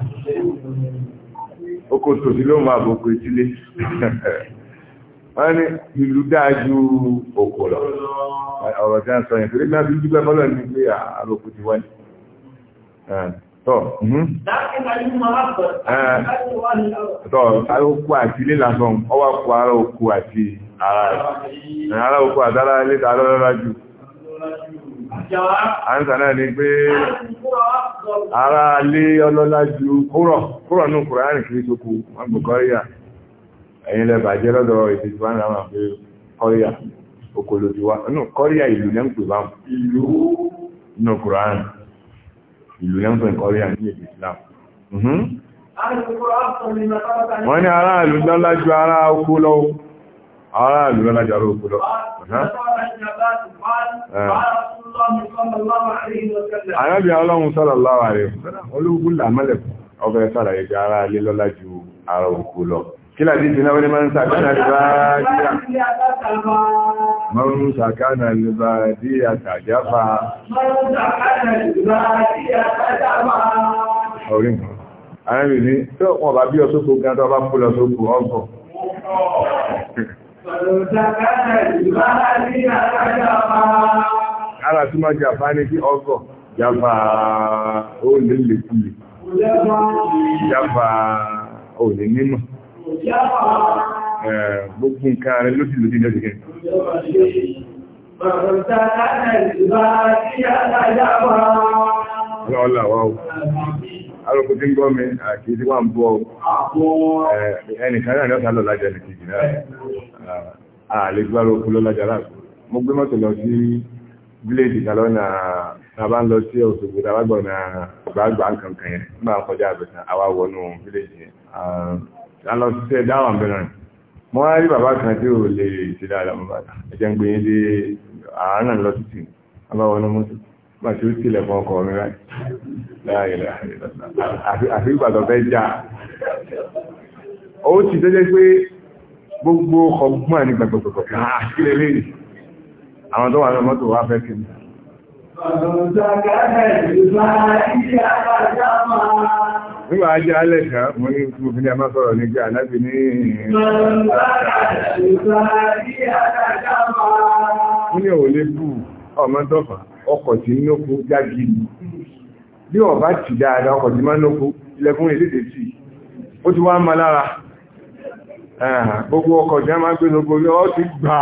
Oko tòsí ló máa bò pé sílé. Wọ́n ìlú dáa ju òkò lọ. Ọ̀rọ̀ tí a sọ yẹn, torí gbá bí dúpẹ́ bọ́lọ̀ ní pé ah, àròkù ti wáyé. Ah. tọ́ mhm. tọ́ okú àti ilé lásán ọwá kú ara okú àti ara ara okú àtàrà ilé tààlọ́lọ́lá jù àǹsà náà ni pé ara lé ọlọ́lá jù kúrọ̀ kúrọ̀ ní kúrọ̀ láàrin kìí tó wọ́n gbò kọ́ríyà ẹ̀yìn jẹ́ lọ́dọ̀ ìlú yẹn ń pè kọ́ríà ní èdè Islam mhm. wọ́n ní aráàlú lọ́lájú ará okú lọ́wọ́ aráàlú lọ́lájú ará okú lọ́wọ́ eh. Ànábì ọlọ́run sọ́lọ̀lọ́wà rẹ̀ olúgbùn làmọ́lẹ̀ ọbẹ̀ sára ẹgbẹ̀ ará alé lọ́lájú ará okú lọ́wọ́ kila dìtì náà wọ́n ni máa ń sàkánà lìbàdíyà máa ń sàkánà lìbàdíyà tàjáfà ọ̀rin ààrẹ ní tí wọ́n bá bí ọ̀sọ́kò gan tó bá kú lọ sókò ọgbọ̀ Ara tí máa jàfá ní kí ọgọ̀ jàfà ó lè lè kúlè. Jàfà ò lè nímọ̀. Gbogbo nǹkan rẹ̀ ló sì lòdí lọ́dìkẹ́. Ọlọ́ọ̀lá wá tí ń gọ́ mi àti tí ń bọ́ ẹnìkan náà ni ọ́ta lọ lájá ní náà. Ààlè gbáró kú lọ lájá láàkú. Mo gbé mọ́tò lọ sí bíléèdì kalọ́nà tàbá ń lọ sí Òṣogbo tàbá gbọ̀nà àgbàgbà nǹkan kan yẹn. Nígbà lọ sí ẹ dáwà bẹ̀rẹ̀ mo wá rí bàbá kan tí ò lè ṣe dáadáa mo bá ẹ̀jẹ̀ ń gbé yín dé àárọ̀ lọ sí tìǹ abáwọn ọmọ mọ́tò bá ṣe ó tilẹ̀ fún ọkọ̀ mi láì láàrẹ̀ àfi ìgbà tó fẹ́ já ó ti tẹ́jẹ́ pé gbogbo ọgbọ́n ní gbàgbọ̀gbọ̀ àkílẹ̀ lẹ́yìn àwọn tó wà ní mọ́tò wá fẹ́ kí Ọ̀dọ̀ ìjọba ẹ̀rẹ̀ ìgbà ìjọba Nígbà ajé alẹ́ kan, mo ní tí mo fi ní a máa sọ̀rọ̀ ní gbà láti ní ìrìn òlé bù ọmọ tọ́fà, ọkọ̀ tí nókú jágìlì. Bí ọ̀bá ti dáadáa ọkọ̀ tí máa nókú, ilẹ̀kùn èdèdè sí. Ó ti wá máa lára. Gbogbo ọkọ̀ tí a máa gbé lógo ní ọ ti gbàà,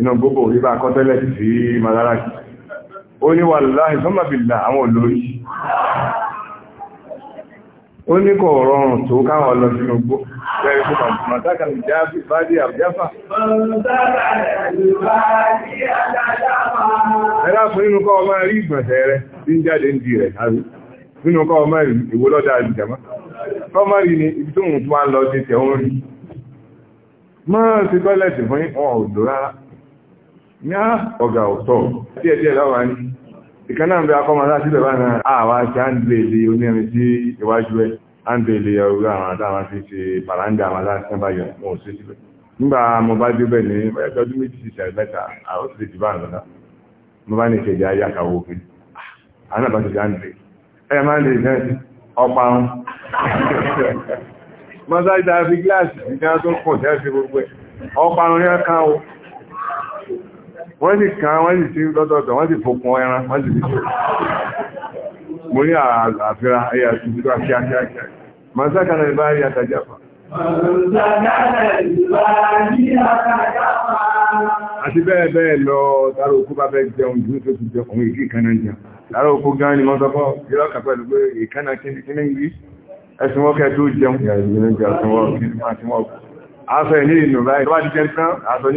inú gbogbo orípa akọ́tẹ́lẹ̀ sí madaraki ó ní wàláhì sọ́màbìlà àwọn olórí ó ní kò rọrùn tó káwọn ọlọ sínú gbó lẹ́rí fún màtákà ní jáfí àbújáfà ẹ̀dá fún nínú kọ́ ọmọ rí ni ibi tó ń tún wá lọ tètè òun máa ti tọ́lẹ̀tì fún ọ̀dọ́ rárá nya ah, ọ̀gá ọ̀tọ̀ tí ẹ̀ tí ẹ̀ láwà ní akọ ń bẹ akọ́mọ láti lẹ̀ náà àwà àti àndèlè onírin sí iwájú ẹ̀ àndèlè ọ̀rọ̀ àwọn àtàwọn ti ṣe pàràǹdà àwọn aláṣẹ báyọ̀ wọn ò sí síbẹ̀ nígbà mo bá débẹ̀ ní ẹgbẹ́dún méjì sí ìṣẹ̀lẹ̀ mẹ́ta àwọn ti ti bá ń lọ́dá mo bá ní ayé àkàwọ̀ òfin àwọn ẹ̀ wọ́n sì kan wọ́n sì sí lọ́tọ̀ọ̀tọ̀ wọ́n sì fòkun ẹran wọ́n sì fi mo ní àfihàn ayé àti ìdíkọ̀ kíákíákíá màsáka náà bá rí àtàjáfà àti bẹ́ẹ̀ bẹ́ẹ̀ lọ tààrà òkú bá bẹ́ẹ̀ jẹun jù tó ti jẹ òun ìkí ìkànnà jẹun tààrà òkú gan ni mọ́sọ́fọ́ ìrọ́kà pẹ̀lú pé ìkànnà kíní yìí ẹ̀sùn wọ́kẹ́ tó jẹun ìrìnlẹ́jẹ̀ àtúnwọ́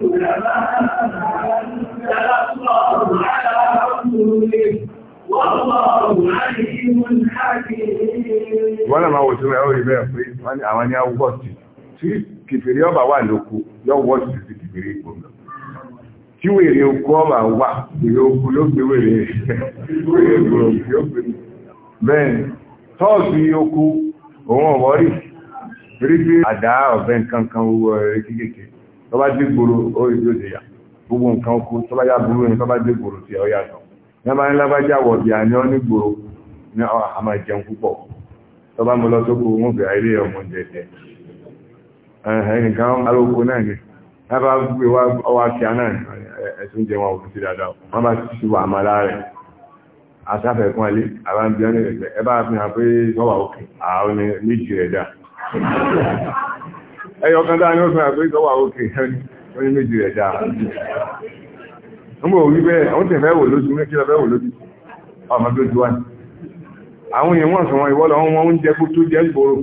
كما سبق على رسوله والله عليم حكيم wọ́n náà máa wò tí ó rí bẹ́ẹ̀ pé wọ́n ní àwọn ní awọ́tì tí kìfèrè ọba wà lóko yọ́wọ́ sí ti kìfèrè ipò lọ tí wèrè oko ọba wà wèrè oko ló gbé wèrè wèrè gbòòrò yóò gbé tọ́ọ̀sì oko òun ọ̀wọ́rì tó bá dé gbòòrò ó rí yóò dìyà gbogbo nǹkan oko tó bá yá burú ni tó bá dé gbòòrò tiẹ̀ ó yàtọ̀ ní bá ń lábájá wọ̀ bí àní ọ́ ní gbòòrò ní àmà ìjẹun púpọ̀ tó bá mú lọ sóko wọn fẹ́ ilé ọmọ jẹjẹ ẹnìkan alóko náà ni wọ́n bá gbé ọwọ́ akíá náà ẹ̀sùn jẹ wọn òfin sí dáadáa wọ́n bá ti wà àmàlà rẹ̀ asáfẹ̀kún alé àbámbíọ́nì rẹ̀ ẹ bá fi hàn pé sọ́wà òkè àwọn méjì rẹ̀ ẹyọ kan dáa ní oṣù àgbé ìtọ́wà òkè wọ́n méjì rẹ̀ dáa nígbà òwú bẹ́ẹ̀ àwọn tẹ̀ fẹ́ wò lójú mẹ́kí lọ fẹ́ wò lójú ọmọ bí ó ti ní àwọn èèyàn wọ́n sọ̀rọ̀ ìwọ́lọ̀ wọn oúnjẹ kú tó jẹ́ ìgboro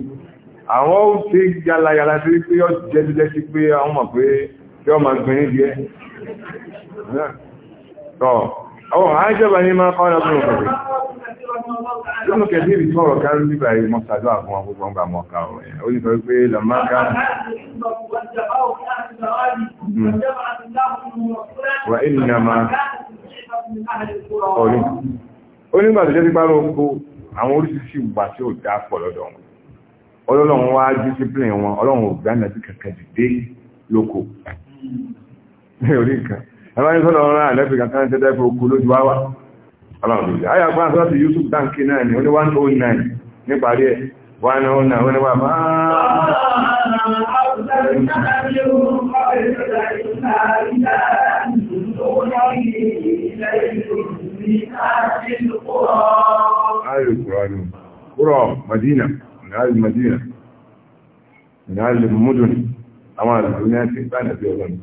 àwọn ó ti yalayala sí pé ó jẹ́ jẹ́ sí pé àwọn mọ̀ pé kí ọmọ gbìnrin díẹ̀ tọ́ àwọn àjọba ní máa kọ́ ọ́ Lọ́nà kẹ̀lú ìrìn tọ́rọ̀ kárí nígbà yìí mọ́ sàdọ́ àwọn agbogbo ọgbà mọ́ka ọ̀rọ̀ ẹ̀. Ó ní sọ wípé lọ́mọ́ká. Hmm. Wà ní ìyàmá. Ọ̀rí. Ó nígbà tó jẹ́ sí párọ̀ oko, àwọn oríṣiríṣi ìgbà tí ó dá pọ̀ lọ́dọ̀ wọn. Ọlọ́run wá discipline wọn, ọlọ́run ò gbá nàbí kankan dìde lóko. Hmm. Ní orí nǹkan. Ẹ aláwọ̀dìdì ayàgbà àtọ́tì Yusuf dánkì náà ni oní 109 níparí ẹ̀ wọ́n náà náà wọ́n náà máa Kúrọ̀ Madina, Nàílì Madina, Nàílì Mudun, àwọn àrùn ní àti ìgbànà bí ọlọ́run.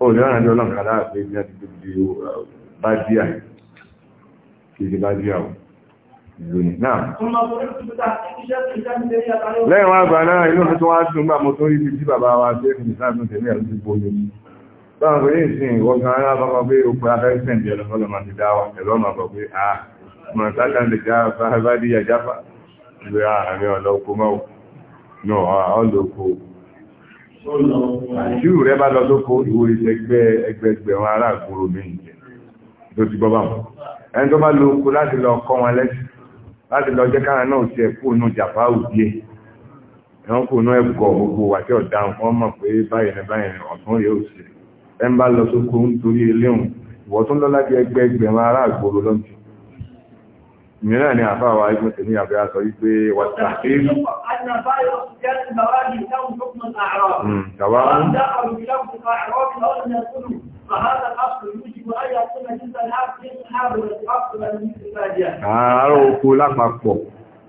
Ó lè rán àjọ ọlọ́run kàdáà pé ní àti gbogbo bá díà kìí bá díà ò lónìí náà. lẹ́yìn wá gbà náà inú mi tó wá dùn gbà mo tó rí bí tí bàbá wa ṣe fi ìsáà tún tẹ̀lé àti gbóyè báwọn pé ìsìn ìwọ̀gán ará bàbá pé ó pẹ́ afẹ́sẹ̀ǹdì ọlọ́mọ ti dá wa ẹ̀rọ ọmọ bọ̀ pé ah, a mọ̀ sáta lè já bá díyà jáfà ìwé ah, àmì ọlọ́kọ mọ́wọ́ ah, náà ọlọ́kọ Ìṣírù rẹ bá lọ lóko ìwò ìṣẹ́gbẹ́ ẹgbẹ̀gbẹ̀rún ará àgbòrò mi ìjẹ́ tó ti gbọ́ ẹni tó bá lo oko láti lọ kọ́ wọn lẹ́sìn láti lọ jẹ́ kára náà ti ẹ̀kú ònú jàpá òbí ẹ̀ ẹ̀wọ́n kò ná ẹ̀kọ́ gbogbo wà tí ọ̀dá wọn mọ̀ pé báyìí ní báyìí ní ọ̀tún rèé òsì ẹ̀ ń bá lọ sóko nítorí eléhùn ìwọ̀tún lọ́lá bí ẹgbẹ́ ẹgbẹ̀rún ará àgbòrò lọ́ntì mìíràn ni àfáwà igun tèmí àbẹ́ aṣọ wípé wàtàkìrì hmm, ààrùn oko lápapọ̀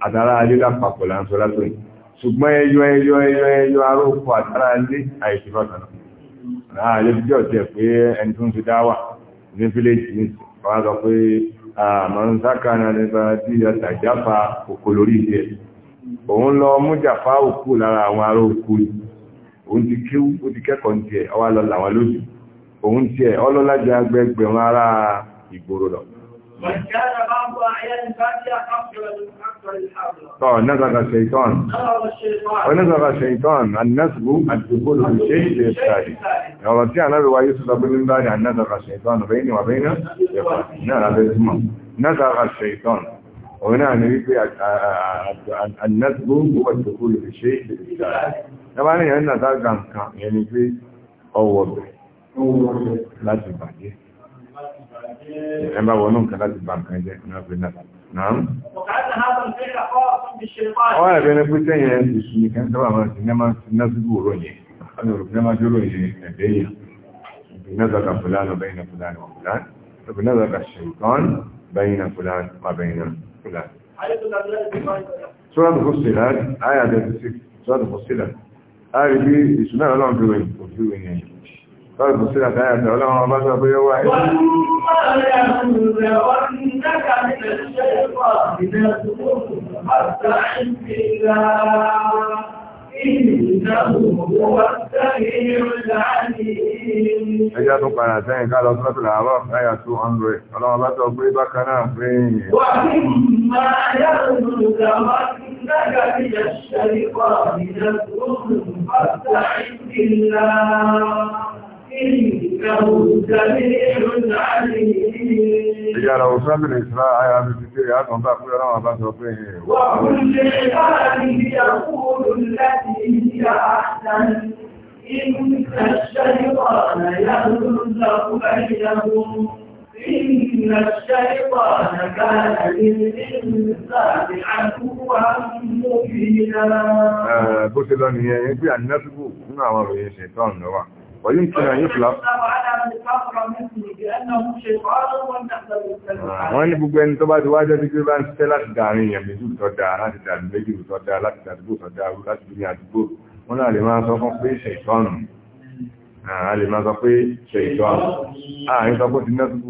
àtàrà alé lápapọ̀ láńsọ látọ̀ yìí ṣùgbọ́n ẹyọ ẹyọ ẹyọ ẹyọ ará oko àtàrà alé àìsìfọ́kànà ààrẹ bí ọ̀tẹ̀ pé ẹni tó ń fi dáwà ní fílẹ̀jì ní ọ̀rọ̀ pé àmọ́n sákàrà nípa tí ọ̀tà jáfà òkò lórí ìjẹ́ òun lọ mú jàfà òkú lára àwọn ará òkú òun ti kí ó ti kẹ́kọ̀ọ́ ti ẹ̀ ọwá lọ làwọn lójú òun ti ẹ̀ ọlọ́lájá gbẹgbẹ̀rún ará ìgboro lọ نزغ الشيطان ونزغ الشيطان النسب الدخول في الشيء الثاني ورجع نبي ويوسف بن الله عن نزغ الشيطان بيني وبين نعم نزغ الشيطان وهنا نبي النسب هو الدخول في الشيء الثاني طبعا هنا ذلك كان يعني في أول لا تبعديه ẹ bá wọnú nǹkan láti bá nǹkan jẹ́ ní ọ̀pẹ́ náà náà ọwọ́ ẹ̀bẹ̀ ní pín tẹ́yẹ ìṣù ní kẹ́ sábà máa ti nẹ́mà sí násìgbò ọ̀rọ̀ yẹn ọ̀nà òrùn nẹ́mà tí ó rọ̀ yẹn ẹ̀bẹ̀ yẹn ìbí náà zaka fulani bẹ́yìn fulani wà fulani ìbí náà zaka ṣèǹkan bẹ́yìn fulani wà Sọ́rọ̀ tó sílẹ̀ táyà tẹ̀ ọlọ́run ọba sọ pé ó wà Ẹjá tún padà sẹ́yìn ká lọ sọ́tù làárọ̀ láyà 200. Ọlọ́run ọba sọ pé bákan náà pé èèyàn. Wà ní máa yá lóòrùn Ìyára òṣèlú ìṣẹ́lá ayá mi ti kéré àtọ̀ntà pé ọ̀rọ̀ àbá sọ pé ẹ̀. Wà fún ṣe láàrin ìyàwó olùlẹ́tì ìyá àtàrí, inú ìṣẹ́ṣẹ́ ọ̀nà yàrá olùlọ́kúnlẹ̀ ìyàwó, inú ìṣẹ́ṣẹ́ ọ̀nà gáàrà ní ìlú ìsáàbì àkúwà mú ويمكن أن يطلق wọ́n ní gbogbo ẹni tó bá ti wájọ́ tí kí bá ń ṣiṣẹ́ láti dàrin èèyàn méjì tó dáa láti dàbí méjì tó dáa láti dàdúgbò tó dáa láti bí ní àdúgbò wọ́n náà lè máa sọ fún pé ṣe ìtọ́nù a lè máa sọ pé ṣe ìtọ́nù ààrin sọ pé ti náà túbù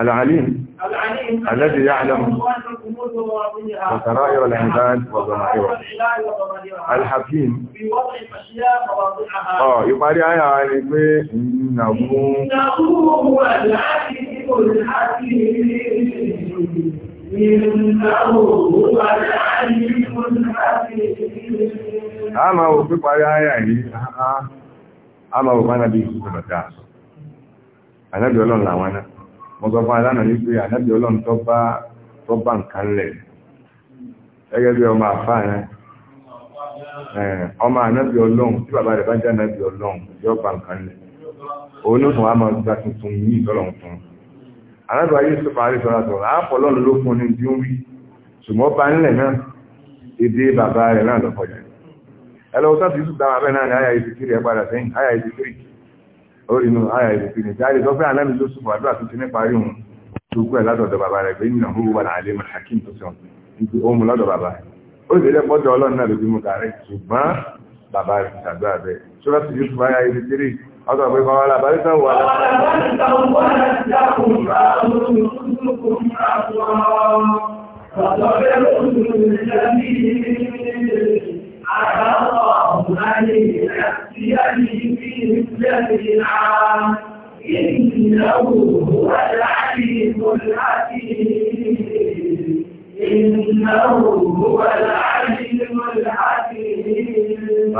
العليم الذي يعلم وسرائر العباد وظواهره الحكيم اه يبقى دي آية يعني pé إنه هو العليم الحكيم إنه هو العليم الحكيم àmà ò هو ayá yìí àmà ò bá nàbí ìsúkú bàtà ànábì ọlọ́run làwọn náà mo sọ fún aláàrùn ní pé ànábì ọlọ́run tó bá tó bá nǹkan lẹ̀ gẹ́gẹ́ bí ọmọ àfáà rẹ̀ ọmọ ànábì ọlọ́run tí bàbá rẹ̀ bá jẹ́ ànábì ọlọ́run yóò bá nǹkan lẹ̀ òun ló tún wá máa gba tuntun yìí lọ́lọ́run fún ànábì ayé sọ́fà àrí sọ́ra sọ̀rọ̀ àápọ̀ lọ́run ló fún ní orí inú ayà ìrìnkì ní jáde tó fẹ́ anábì ló sùpọ̀ àdúrà tó ti ní parí òun tó kú ẹ̀ ládọ̀dọ̀ bàbá rẹ̀ pé nínú òwúwà àlẹ́ mọ̀lákì tó sọ ibi ohun lọ́dọ̀ bàbá rẹ̀ ó sì lè pọ́jọ ọlọ́run náà lójú kàrẹ́ ṣùgbọ́n bàbá rẹ̀ ṣàdúrà bẹ́ẹ̀ ṣọ́lá ti yóò fún ayá ibi tírì pé kọ́wọ́ la bàrí sáwọ́ Àgbàwọ̀ ọ̀gbọ̀n ayé àti ayé مثله العام إنه هو العليم الحكيم إنه هو العليم الحكيم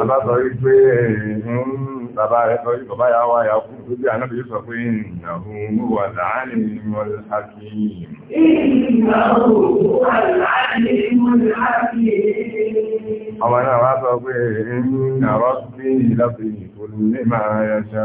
bàbá rẹ̀ sọ yí bàbá yàwá yà kú tó bí ànábì sọ pé ìnáhùn wà láàrin mọ́lẹ̀ àti ọmọ náà wá sọ pé ìnáwọ́ sí ìlàfẹ́ ìfòlù ní máa yà ṣá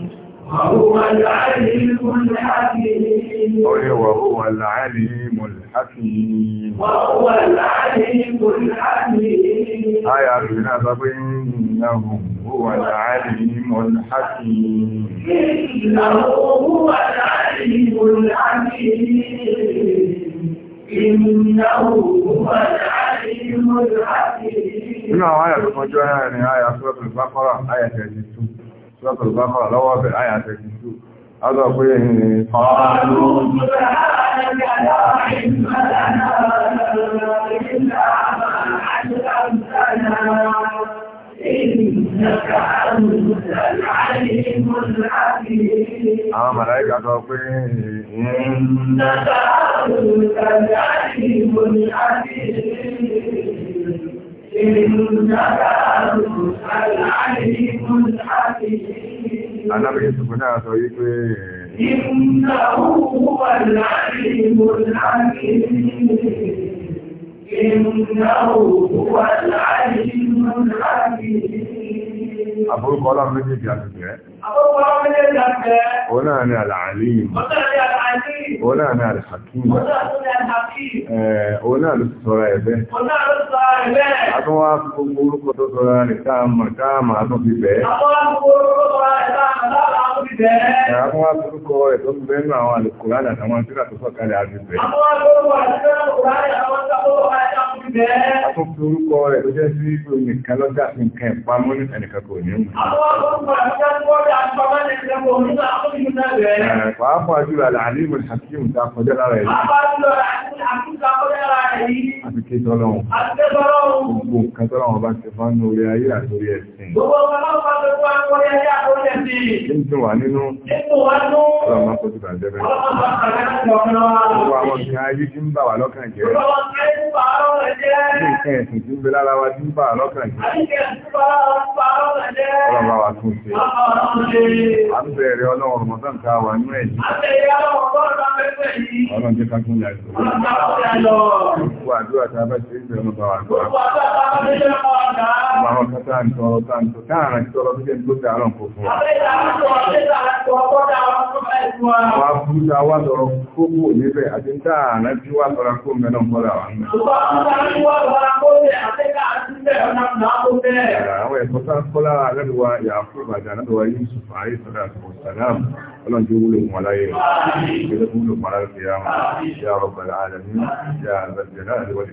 وهو العليم الحكيم وهو العليم الحكيم وهو العليم الحكيم آية ربنا إنه هو العليم الحكيم إنه هو العليم الحكيم إنه هو العليم الحكيم إنه آية المجوهة يعني آية سورة البقرة آية 32 sọ́tọ̀ bá kọ́ lọ́wọ́ bẹ̀ láyà tẹ́kì tó azọ pé ní Àwọn màláìkà sọ pé ìrìn إنك أنت العليم الحكيم Anábì Yusufu náà sọ yí pé Ìmúnà Òun náà ni Al-Alim. Òun náà ni Al-Hakim. Òun náà ló ti sọ́ra ẹ̀bẹ́. A tún wá fi gbogbo orúkọ tó sọ́ra rẹ̀ káàmà káàmà tó fi bẹ̀. A tún wá fi orúkọ rẹ̀ tó fi bẹ́nu àwọn Al-Qur'an àtàwọn tíra tó sọ̀kalẹ̀ àti bẹ̀. A tún fi orúkọ rẹ̀ tó jẹ́ sí ìgbò nìkan lọ́jà nǹkan ìpamọ́ ní kò ní. Àwọn orúkọ Pàápàá jùlọ àlàálìmù Hakim ta kọjá lára ẹ̀yí. Àti kí tọ́lọ́run. Gbogbo nǹkan tọ́lọ́run bá ti fá ní orí ayé àti orí ẹ̀sìn. Gbogbo ọlọ́run bá ti fá ní orí ayé àti orí ẹ̀sìn. Ń tún wà nínú. Ọlọ́run máa kojú bàjẹ́ bẹ́ẹ̀. Gbogbo àwọn ìsìn ayé tí ń bà wà lọ́kàn jẹ́. Ní nǹkan ẹ̀sìn tí ń bẹ lára wa tí ń bà lọ́kàn jẹ́. Ọlọ́run bá wa tún ṣe. A ń bẹ̀rẹ̀ ọlọ́run Ramadan ká wà ní ẹ̀yí. Ọlọ́run jẹ́ kákún ní àjò. Gbogbo àdúrà tá a bá ṣe ń bẹ̀rẹ̀ ọmọ bàwà gbọ́. Àwọn kátà ń tọrọ tá ń tọrọ táàrin tọrọ tó jẹ́ tó dáa rán kò fún wa. Wà á fún ta wá tọrọ kókó níbẹ̀ àti táàrin tí wá tọrọ kó mẹ́nà ní. Àwọn Yusuf àyè sọ́dá àtọ̀sàlám ọlọ́run tí ó wúlò wọn láyé rẹ̀ wúlò wọn láyé rẹ̀ yà rọ̀bàlá àdàmí yà àbẹ̀jẹ̀ náà lè wọ́n